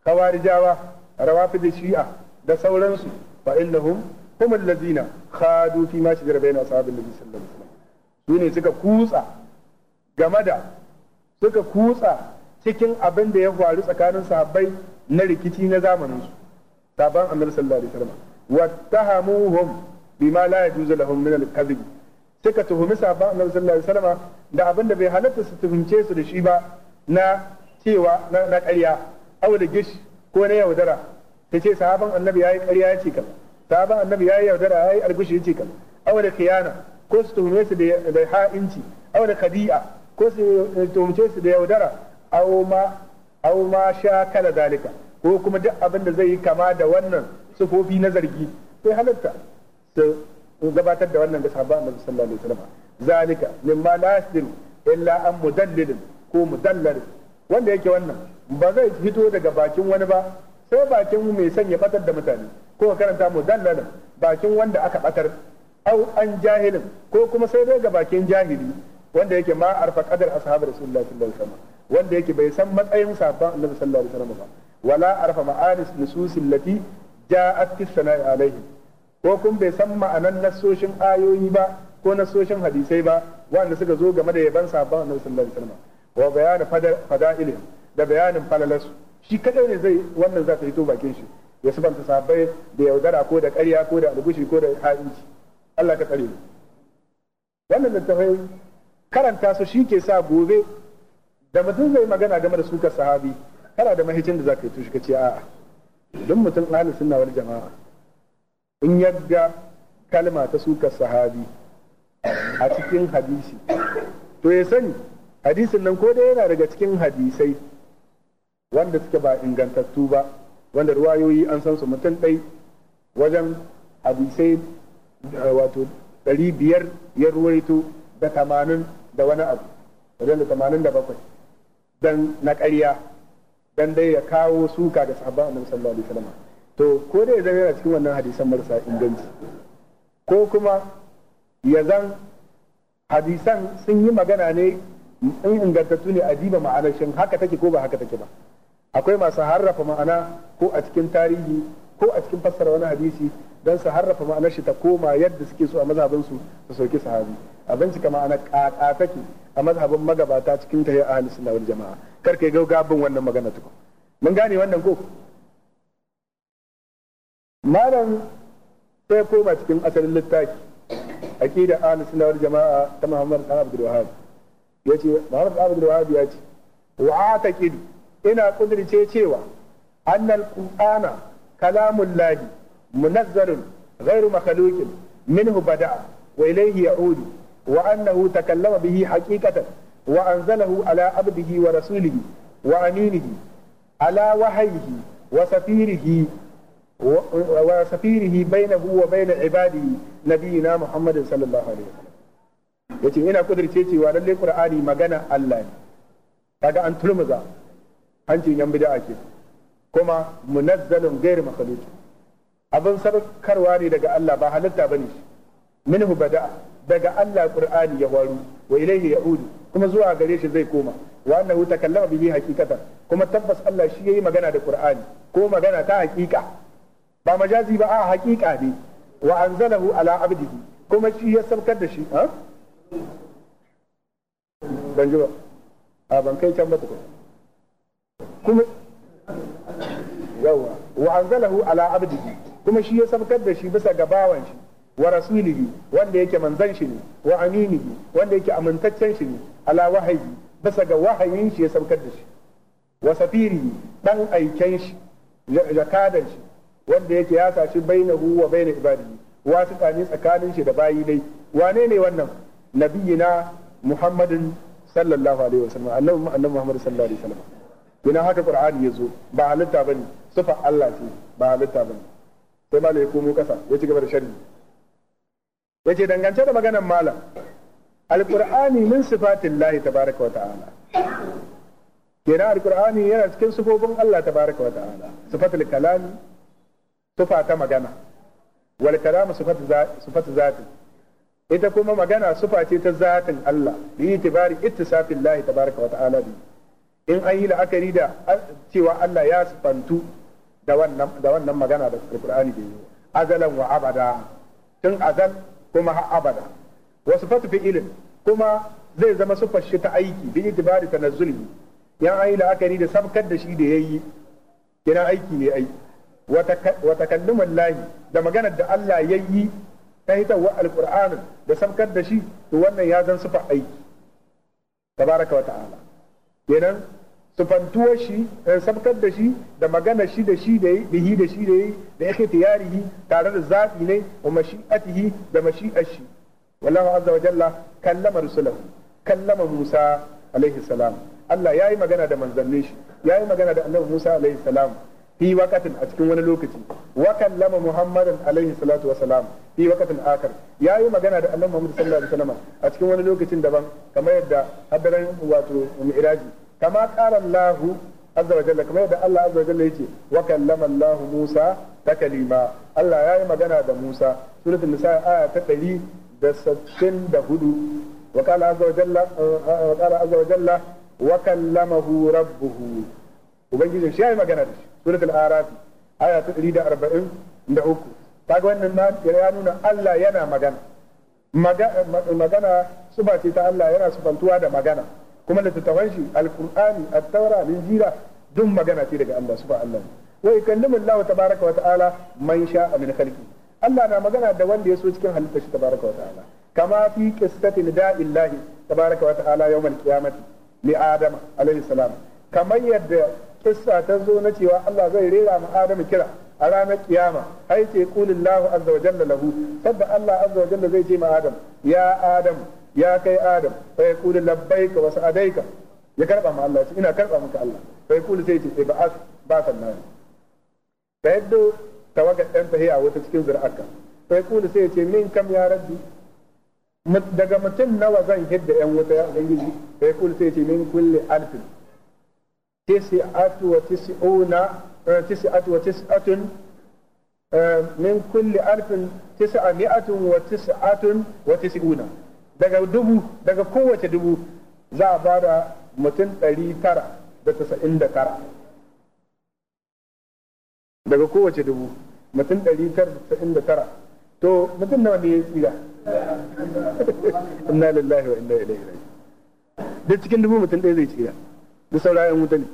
kawarijawa rawafid shi'a da sauransu fa innahum hum allazina khadu fi ma shajara bayna ashabin nabi sallallahu alaihi wasallam ne suka kutsa game da suka kutsa cikin abin da ya faru tsakanin sahabbai na rikici na zamaninsu saban annabi sallallahu alaihi wasallam wattahamuhum bima la yajuzu lahum min al-kadhib tuhumi sahabban annabi sallallahu alaihi da abin da bai halarta su tuhumce su da shi ba na cewa na ƙarya aw da gish ko na yaudara ta ce sahaban annabi yayi ƙarya ya ce kaza sahaban annabi yayi yaudara yayi algushi ya ce kaza aw da khiyana ko su tuhume su da ha'inci aw da khadi'a ko su tuhumce su da eh, yaudara aw ma sha kala zalika ko kuma duk abin da zai yi kama da wannan sufofi na zargi sai halatta gabatar da wannan ga sahabba annabi sallallahu alaihi wasallam zalika mimma la yasdiru illa an mudallil ko mudallal wanda yake wannan ba zai fito daga bakin wani ba sai bakin mai sanya batar da mutane ko karanta mudallal bakin wanda aka batar au an jahilin ko kuma sai dai ga bakin jahili wanda yake ma arfa qadar ashabi rasulullahi sallallahu alaihi wasallam wanda yake bai san matsayin sahabban annabi sallallahu alaihi wasallam ba wala arfa ma'anis nususil lati ja'at fi sana'i alaihi ko kun bai san ma'anan nasoshin ayoyi ba ko nasoshin hadisai ba wanda suka zo game da yaban sabon annabi sallallahu alaihi wasallam wa bayanin fada'ilin da bayanin Falalasu shi kadai ne zai wannan za ta to bakin shi ya subanta sahabbai da yaudara ko da ƙarya ko da albushi ko da ha'inci Allah ka tsare wannan da tafai karanta su shi ke sa gobe da mutum zai magana game da sukar sahabi kana da mahicin da za ka yi tushi ka ce a'a duk mutum ahlus sunna wal jama'a in yadda kalma ta suka sahabi a cikin hadisi to ya sani hadisin nan ko dai yana daga cikin hadisai wanda suke ba ingantattu ba wanda ruwayoyi an san su mutum ɗai wajen hadisai eh, wato ɗari biyar ya ruwaito da tamanin da wani abu wajen da tamanin da bakwai dan na ƙarya dan dai ya kawo suka da sahabban annabi sallallahu alaihi wasallam to ko dai ya zama cikin wannan hadisan marasa inganci ko kuma ya zan hadisan sun yi magana ne in ingantattu ne a diba ma'anar haka take ko ba haka take ba akwai masu harrafa ma'ana ko a cikin tarihi ko a cikin fassara wani hadisi don su harrafa ma'anar shi ta koma yadda suke so a mazhabin su su sauki sahabi a bincika ma'ana ƙaƙa take a mazhabin magabata cikin ta ya ahli sunna wal jama'a kar yi gaugabin wannan magana tukun mun gane wannan ko malam sai koma cikin asalin littafi aqida ahlus sunna wal jamaa ta Muhammad dan Abdul ya ce Muhammad dan Abdul Wahhab yace wa ataqidu ina kudirce cewa annal qur'ana lahi munazzalun ghairu makhluqin minhu bada'a wa ilayhi ya'udu wa annahu takallama bihi haqiqatan wa anzalahu ala abdihi wa rasulihi wa aminihi ala wahyihi wa safirihi وسفيره بينه وبين عباده نبينا محمد صلى الله عليه وسلم yace ina kudirce cewa lalle qur'ani magana Allah ne Daga an turmuza hancin yan bid'a ke kuma munazzalun ghairu makhluq abin sarkarwa ne daga Allah ba halitta bane shi minhu bada'a daga Allah qur'ani ya waru wa ilayhi ya'udu kuma zuwa gare shi zai koma wa annahu takallama bihi haqiqatan kuma tabbas Allah shi yayi magana da qur'ani ko magana ta haqiqa ba majazi ba a haƙiƙa ne wa anzalahu ala abdihi kuma shi ya saukar da shi ha ban ji ba a ban kai can ba tukun kuma yawa wa anzalahu ala abdihi kuma shi ya saukar da shi bisa ga bawan shi wa rasulihi wanda yake manzan shi ne wa aminihi wanda yake amintaccen shi ne ala wahayi bisa ga wahayin shi ya saukar da shi wa safiri dan aiken shi jakadan shi wanda yake ya saci bainahu wa baina ibadi wasu tsani tsakanin shi da bayi dai wane ne wannan nabiyina muhammadin sallallahu alaihi wasallam annabi annabi muhammad sallallahu alaihi wasallam yana haka qur'ani yazo ba halitta bane sifa Allah ce ba halitta bane sai malai komo kasa ya ci gaba da sharhi yace dangance da maganar malam alqur'ani min ta baraka wa ta'ala kenan alqur'ani yana cikin sifofin Allah baraka wa ta'ala sifatul kalami sufa ta magana wal kalamu sufatu zati ita kuma magana sufa ce ta zatin Allah bi itibari ittisafillahi tabaraka wa ta'ala bi in an yi la'akari da cewa Allah ya sufantu da wannan magana da Qur'ani da yi azalan wa abada tun azal kuma har abada wasu fatu fi'ilin kuma zai zama sufar shi ta aiki bi itibari tanazzuli yan an yi la'akari da sabkar da shi da yayi yana aiki ne aiki wa takallumin lahi da magana da Allah ya yi ta hitarwa Alƙur'an da samkar da shi to wannan ya zan sufa aiki tabaraka wa ta'ala kenan sufantuwar shi eh, samkar da shi da magana shi da shi da yi da shi da yi da yake tiyarihi tare da zafi ne wa mashi'atihi da mashi'ar shi wallahu azza wa jalla kallama rusulahu kallama Musa alaihi salam Allah ya yi magana da manzannin shi ya yi magana da Annabi Musa alaihi salam fi waqatin a cikin wani lokaci wa kallama muhammadan alaihi salatu wa salam fi waqatin akar yayi magana da annabi muhammad sallallahu alaihi wasallam a cikin wani lokacin daban kamar yadda hadaran wato mi'raji kama qala allah azza wa jalla kamar yadda allah azza wa jalla yace wa kallama allah musa takalima allah yayi magana da musa suratul nisa aya ta 164 wa qala azza wa jalla wa qala azza wa jalla shi magana da shi suratul araf aya ta 143 kaga wannan na ya nuna Allah yana magana magana suba ce ta Allah yana sufantuwa da magana kuma litattafan shi alqur'ani at-taura linjira duk magana ce daga Allah suba Allah wa yukallimu Allah tabaaraka wa Allah na magana da wanda ya so cikin halittar shi tabaraka wa ta'ala kama fi qissati nida'illahi tabaaraka wa ta'ala yawm qiyamati li adama alayhi salam kamar yadda kissa ta zo na cewa Allah zai rera mu Adamu kira a ranar kiyama ai ce kulillahu azza wa jalla lahu tabba Allah azza wa jalla zai ce ma Adam ya Adam ya kai Adam fa kulu labbaika wa sa'adaika ya karba ma Allah ce ina karba maka Allah fa kulu sai ce ba as ba sannani da yaddo tawaga dan tahiya wata cikin zuri'arka fa kulu sai ce min kam ya rabbi daga mutum nawa zan hidda yan wuta ya ubangiji fa kulu sai ce min kulli alfin تسعة وتسعون تسعة وتسعة من wa ألف wa وتسعة وتسعون daga dubu daga kowace dubu za a ba da mutum ɗari tara da tasa'in da tara daga kowace dubu mutum ɗari tara da tasa'in da tara to mutum nawa ne ya tsira inna lillahi wa inna ilaihi raji'un duk cikin dubu mutum ɗaya zai tsira da saura yan wuta ne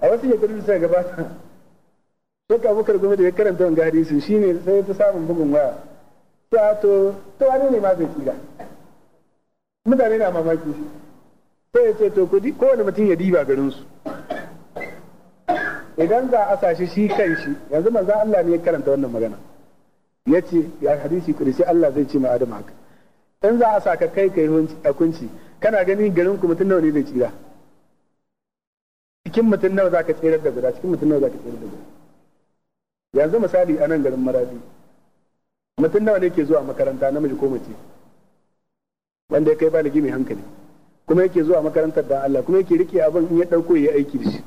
a wasu da suka gabata ka bukar gome da ya karanta wanga shi ne sai ta samun bugun waya ta to to wani ne ma zai tsira mutane na mamaki sai ya ce to kudi kowane mutum ya diba garin su idan za a sashi shi kan shi yanzu manzo Allah ne ya karanta wannan magana ya ce ya hadisi kudi sai Allah zai ce ma Adam haka in za a saka kai kai hukunci kana ganin garin ku mutum nawa ne zai tsira cikin mutum nawa za ka tsirar da guda cikin mutum nawa za ka tsirar da guda yanzu misali a nan garin maradi mutum nawa ne ke zuwa makaranta namiji ko mace wanda ya kai baligi mai hankali kuma yake zuwa makarantar da Allah kuma yake rike abin in ya dauko ya aiki da shi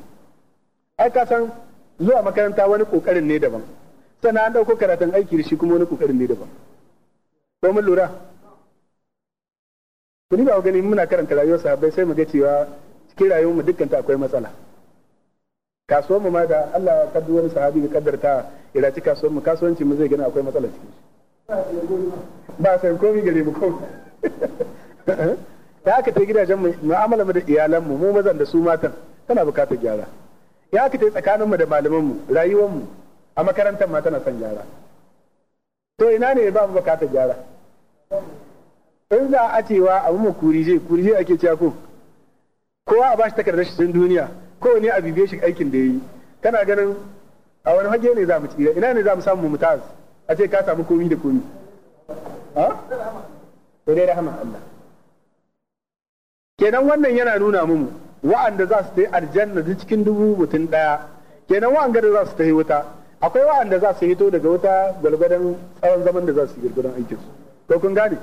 ai ka san zuwa makaranta wani kokarin ne daban sannan an dauko karatun aiki da shi kuma wani kokarin ne daban ko mun lura kuni ba gani muna karanta rayuwar sahabbai sai mu ga cewa cikin rayuwar mu dukkan ta akwai matsala kasuwar mu ma da Allah ya kaddu wani sahabi ya kaddarta ira ci kasuwar mu kasuwanci mu zai gani akwai matsala cikin shi ba sai komai gare mu ko ya aka ta gidajen mu'amala mu da iyalan mu mu mazan da su matan tana bukatar gyara ya aka ta tsakanin mu da malaman mu rayuwar mu a makarantar ma tana son gyara to ina ne ba mu bukatar gyara in za a cewa abu ma kurije kurije ake cewa ko kowa a bashi takardar shi sun duniya ko ne a bibiye shi aikin da yayi kana ganin a wani hage ne za mu tsira ina ne za mu samu mutaz a ce ka samu komi da komi ha to dai rahama Allah kenan wannan yana nuna mu wa'anda za su tafi aljanna duk cikin dubu mutum daya kenan da za su tafi wuta akwai wa'anda za su hito daga wuta gwalgwadon tsawon zaman da za su yi gwalgwadon aikinsu to kun gane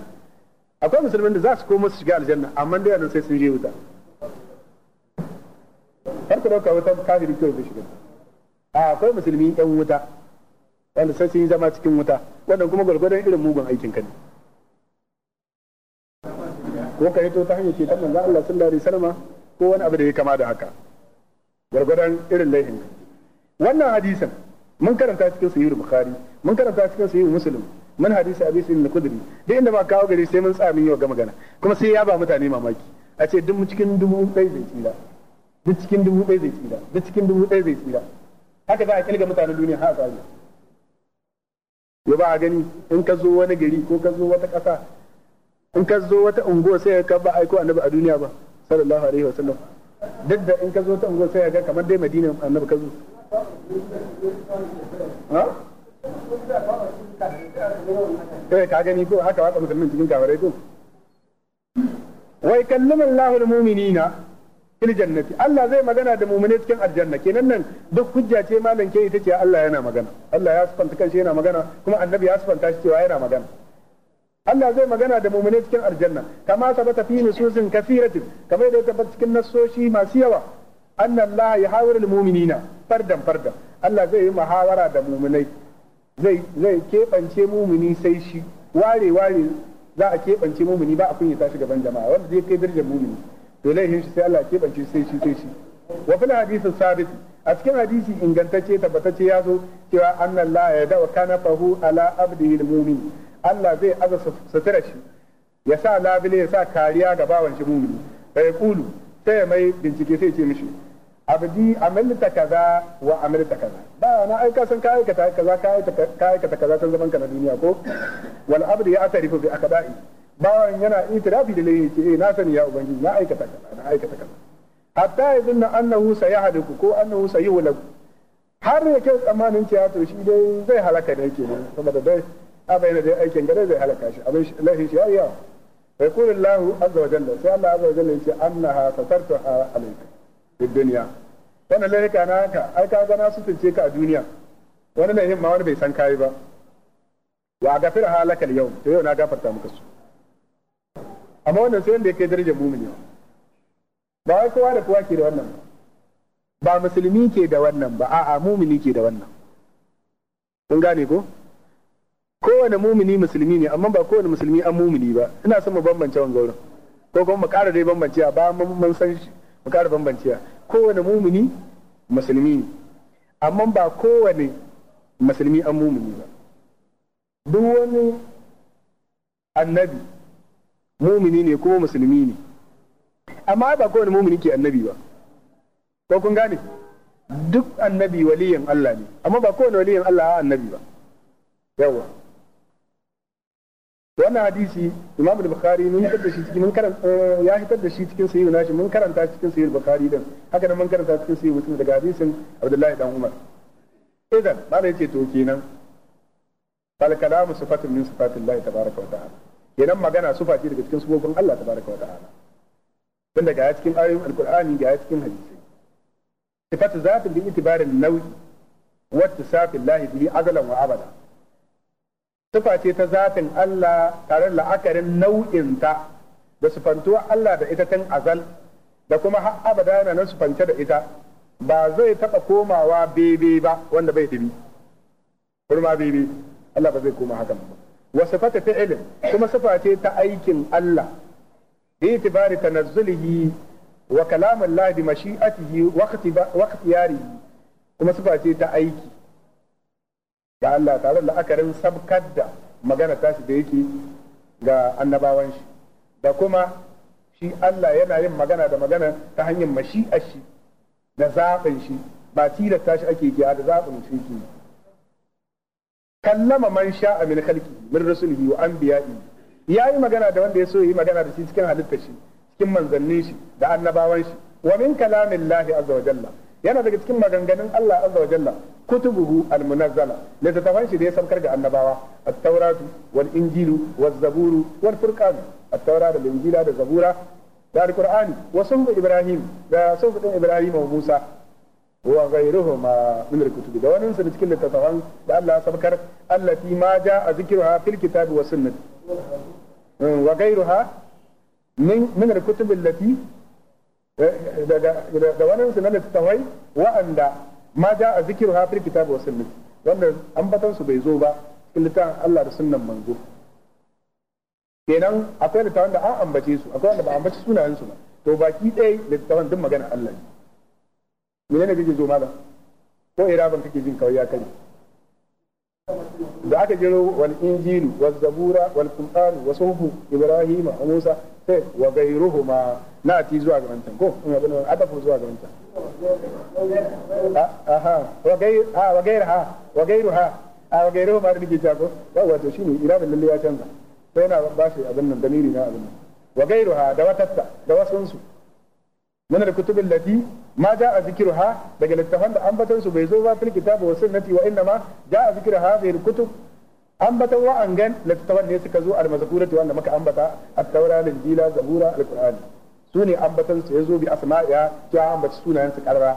akwai musulmin da za su koma su shiga aljanna amma da yaran sai sun je wuta har ka dauka wuta kafiri kyau da shiga a akwai musulmi yan wuta wanda sai sun yi zama cikin wuta wannan kuma gwargwadon irin mugun aikin ka ne ko ka to ta hanyar ce ta manzo Allah sallallahu alaihi wasallam ko wani abu da ya kama da haka gwargwadon irin laifin wannan hadisin mun karanta cikin sahih bukhari mun karanta cikin sahih muslim man hadisi abi sirrin da kudri duk inda ba kawo gari sai mun tsaya mun yau ga magana kuma sai ya ba mutane mamaki a ce duk cikin dubu ɗaya zai tsira duk cikin dubu ɗaya zai tsira duk cikin dubu ɗaya zai tsira haka za a kilga mutanen duniya ha a tsari ya ba a gani in ka zo wani gari ko ka zo wata ƙasa in ka zo wata unguwa sai ka ba aiko annabi a duniya ba sallallahu alaihi wa sallam duk da in ka zo ta unguwa sai ka kamar dai madina annabi ka zo kai eh, ka gani ko haka watsa musulmin cikin kafirai ko wai kallama Allahul mu'minina fil jannati Allah zai magana da mu'mini cikin aljanna kenan nan duk hujja ce malam ke ita ce Allah yana magana Allah ya sifanta kanshi yana magana kuma annabi ya sifanta shi cewa yana magana Allah zai magana da mu'mini cikin aljanna kama sabata fi nususin kasiratin kamar da tabbata cikin nassoshi masu yawa anna Allah ya hawara mu'minina fardan fardan Allah zai yi muhawara da mu'minai zai zai keɓance mumuni sai shi ware ware za a keɓance mumuni ba a kunyata shi gaban jama'a wanda zai kai darajar mumuni to laihin shi sai Allah keɓance sai shi sai shi wa fil hadithu sabit a cikin hadisi ingantacce tabbatacce ya zo cewa la ya wa kana fahu ala abdihi mumin Allah zai aza sutura shi ya sa labile ya sa kariya ga bawan shi mumini sai ya kulu sai mai bincike sai ce mishi abdi amilta kaza wa amilta kaza ba na ai ka san kai kaza kaza kai kai kaza kaza tun zaman ka na duniya ko wal abdi ya atarifu bi akada'i bawan yana itirafi da laifi ce eh na sani ya ubangiji na aikata kaza na aikata kaza hatta yadunna annahu sayahduku ko annahu sayuhlaku har yake tsamanin cewa to shi dai zai halaka ne kenan saboda dai abai dai aikin gare zai halaka shi abin laifi shi ya yawa fa yaqulu Allahu azza wa jalla sai Allah azza wa jalla ya ce annaha satartu alayka fi duniya wannan laifika na haka ai ka gana su tunce ka a duniya wani laifin ma wani bai san kayi ba wa gafir halakal yau to yau na gafarta muka su amma wannan sai wanda yake darajar mumini ba wai kowa da kowa ke da wannan ba musulmi ke da wannan ba a'a mumini ke da wannan kun gane ko kowane mumini musulmi ne amma ba kowane musulmi an mumini ba ina son mu bambance wannan gaurin ko kuma mu ƙara dai bambancewa a bayan mun san mu bambanci bambancewa kowane mumini musulmi ne amma ba kowane musulmi an mumini ba duk wani annabi mumini ne ko musulmi ne amma ba kowane mumini ke annabi ba ko kun gane duk annabi waliyan Allah ne amma ba kowane waliyan Allah annabi ba yawa wannan hadisi imam al-bukhari mun hitar da shi cikin mun karanta eh, ya hitar da shi cikin sahih nashi mun karanta shi cikin sahih bukhari din haka nan mun karanta cikin sahih muslim daga hadisin abdullahi dan umar idan malai yace to kenan fal kalamu sifatun min sifatillahi tabaraka wa ta'ala kenan magana sufa ce daga cikin sufofin Allah tabaraka wa ta'ala tun daga ya cikin ayoyin alqur'ani ga ya cikin hadisi sifatu zatin bi itibarin nau'i wa lahi bi azalan wa abada sufa ce ta zafin Allah tare la'akarin nau'inta da sufantuwa Allah da ita tun azal da kuma har abada yana nan sufance da ita ba zai taɓa komawa bebe ba wanda bai dubi kurma bebe Allah ba zai koma hakan ba wa sifata fi'ilin kuma sifa ce ta aikin Allah bi itibari tanazzulihi wa kalamin Allah bi mashi'atihi wa kuma sifa ce ta aiki ga Allah tare da akarin sabkar da magana tashi da yake ga annabawan shi da kuma shi Allah yana yin magana da magana ta hanyar mashi'ar shi da zaɓin shi ba tilasta tashi ake giya da zaɓin shi ke kallama man sha sha'a min khalqi min rusulihi wa anbiya'i yi magana da wanda ya so yi magana da shi cikin halittar shi cikin manzannin shi da annabawan shi wa min lahi azza wa jalla yana daga cikin maganganun Allah azza wa jalla kutubuhu almunazzala littattafan shi da ya saukar ga annabawa at-tauratu wal injilu waz zaburu wal furqan at-taura da injila da zabura da al alqur'ani wa sunnu ibrahim da sunnu ibrahim wa musa wa ghayruhuma min al-kutubi da wannan sun cikin littattafan da Allah ya allati ma jaa zikruha fil kitabi was sunnah hmm, wa ghayruha min min al-kutubi allati da wani su na littattafai wa'anda ma ja a zikiru hafir kitabu wa sunnah wanda ambatan su bai zo ba cikin littafin Allah da sunnan manzo kenan akwai da tawanda an ambace su akwai wanda ba ambace sunayen su ba to baki ɗaya tawanda duk magana Allah ne menene kake zo ma ba ko iraban kake jin kawai ya kare da aka jiro wal injilu wal zabura wal qur'an wa suhuf ibrahima wa musa sai wa gairuhuma ti zuwa ga wancan ko in eh, abin adafu zuwa ga wancan aha wa gair ha wa gair ha wa gairu ha a wa gairu ma da ta ko yawa to shine irabin lalle ya canza sai yana ba shi abin nan damiri na abin nan wa gairu ha da watatta da wasun su من الكتب التي ما zikru ha daga littafan da ambaton su bai zo ba fil kitab wa sunnati wa a jaa ha fi kutub ambatan wa'angan littattafan ne suka zo al-mazkuratu wanda muka ambata at-taura linjila zabura al-qur'ani su ne ambatan su yazo bi asma'iya ya ambata sunayen su karra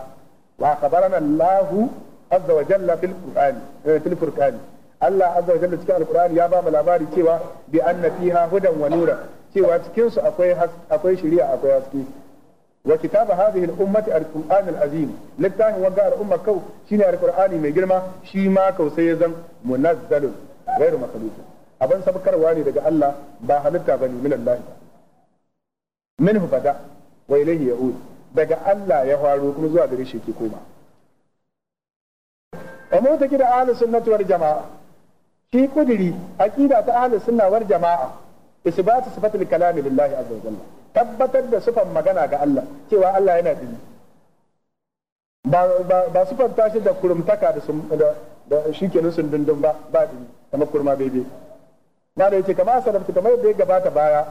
wa khabarana Allahu azza wa jalla fil qur'ani eh, fil qur'ani Allah azza wa jalla cikin al-qur'ani ya ba mu labari cewa bi anna fiha hudan wa nura cewa cikin su akwai akwai shari'a akwai haske wa kitaba hadhihi al-ummati al-qur'an al-azim littafin wa ga al-umma kau shine al-qur'ani mai girma shi ma kausai sai zan munazzalun غير مخلوق abin sabkarwa ne daga Allah ba halitta bane min Allah minhu bada wa ilayhi yaud daga Allah ya faro kuma zuwa gare shi ke koma amma take da ahlus sunnati wal jamaa ki kudiri aqida ta ahlus sunna wal jamaa isbatu sifatul kalami lillahi azza wa jalla tabbatar da sifan magana ga Allah cewa Allah yana dini ba ba sifan tashi da kurumtaka da da shi kenan sun dundun ba ba dumi kamar kurma bebe ma da kama kamar ki kamar yadda ya gabata baya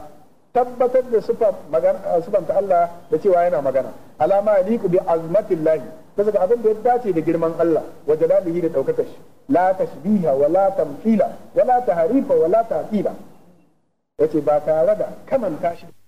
tabbatar da sufan ta Allah da cewa yana magana alama ya liku bi azmatillahi ta saka abin da ya dace da girman Allah wa jalalihi da daukakar shi la tashbiha wa la tamthila wa la harifa wa la ta'tila yace ba tare da kamanta shi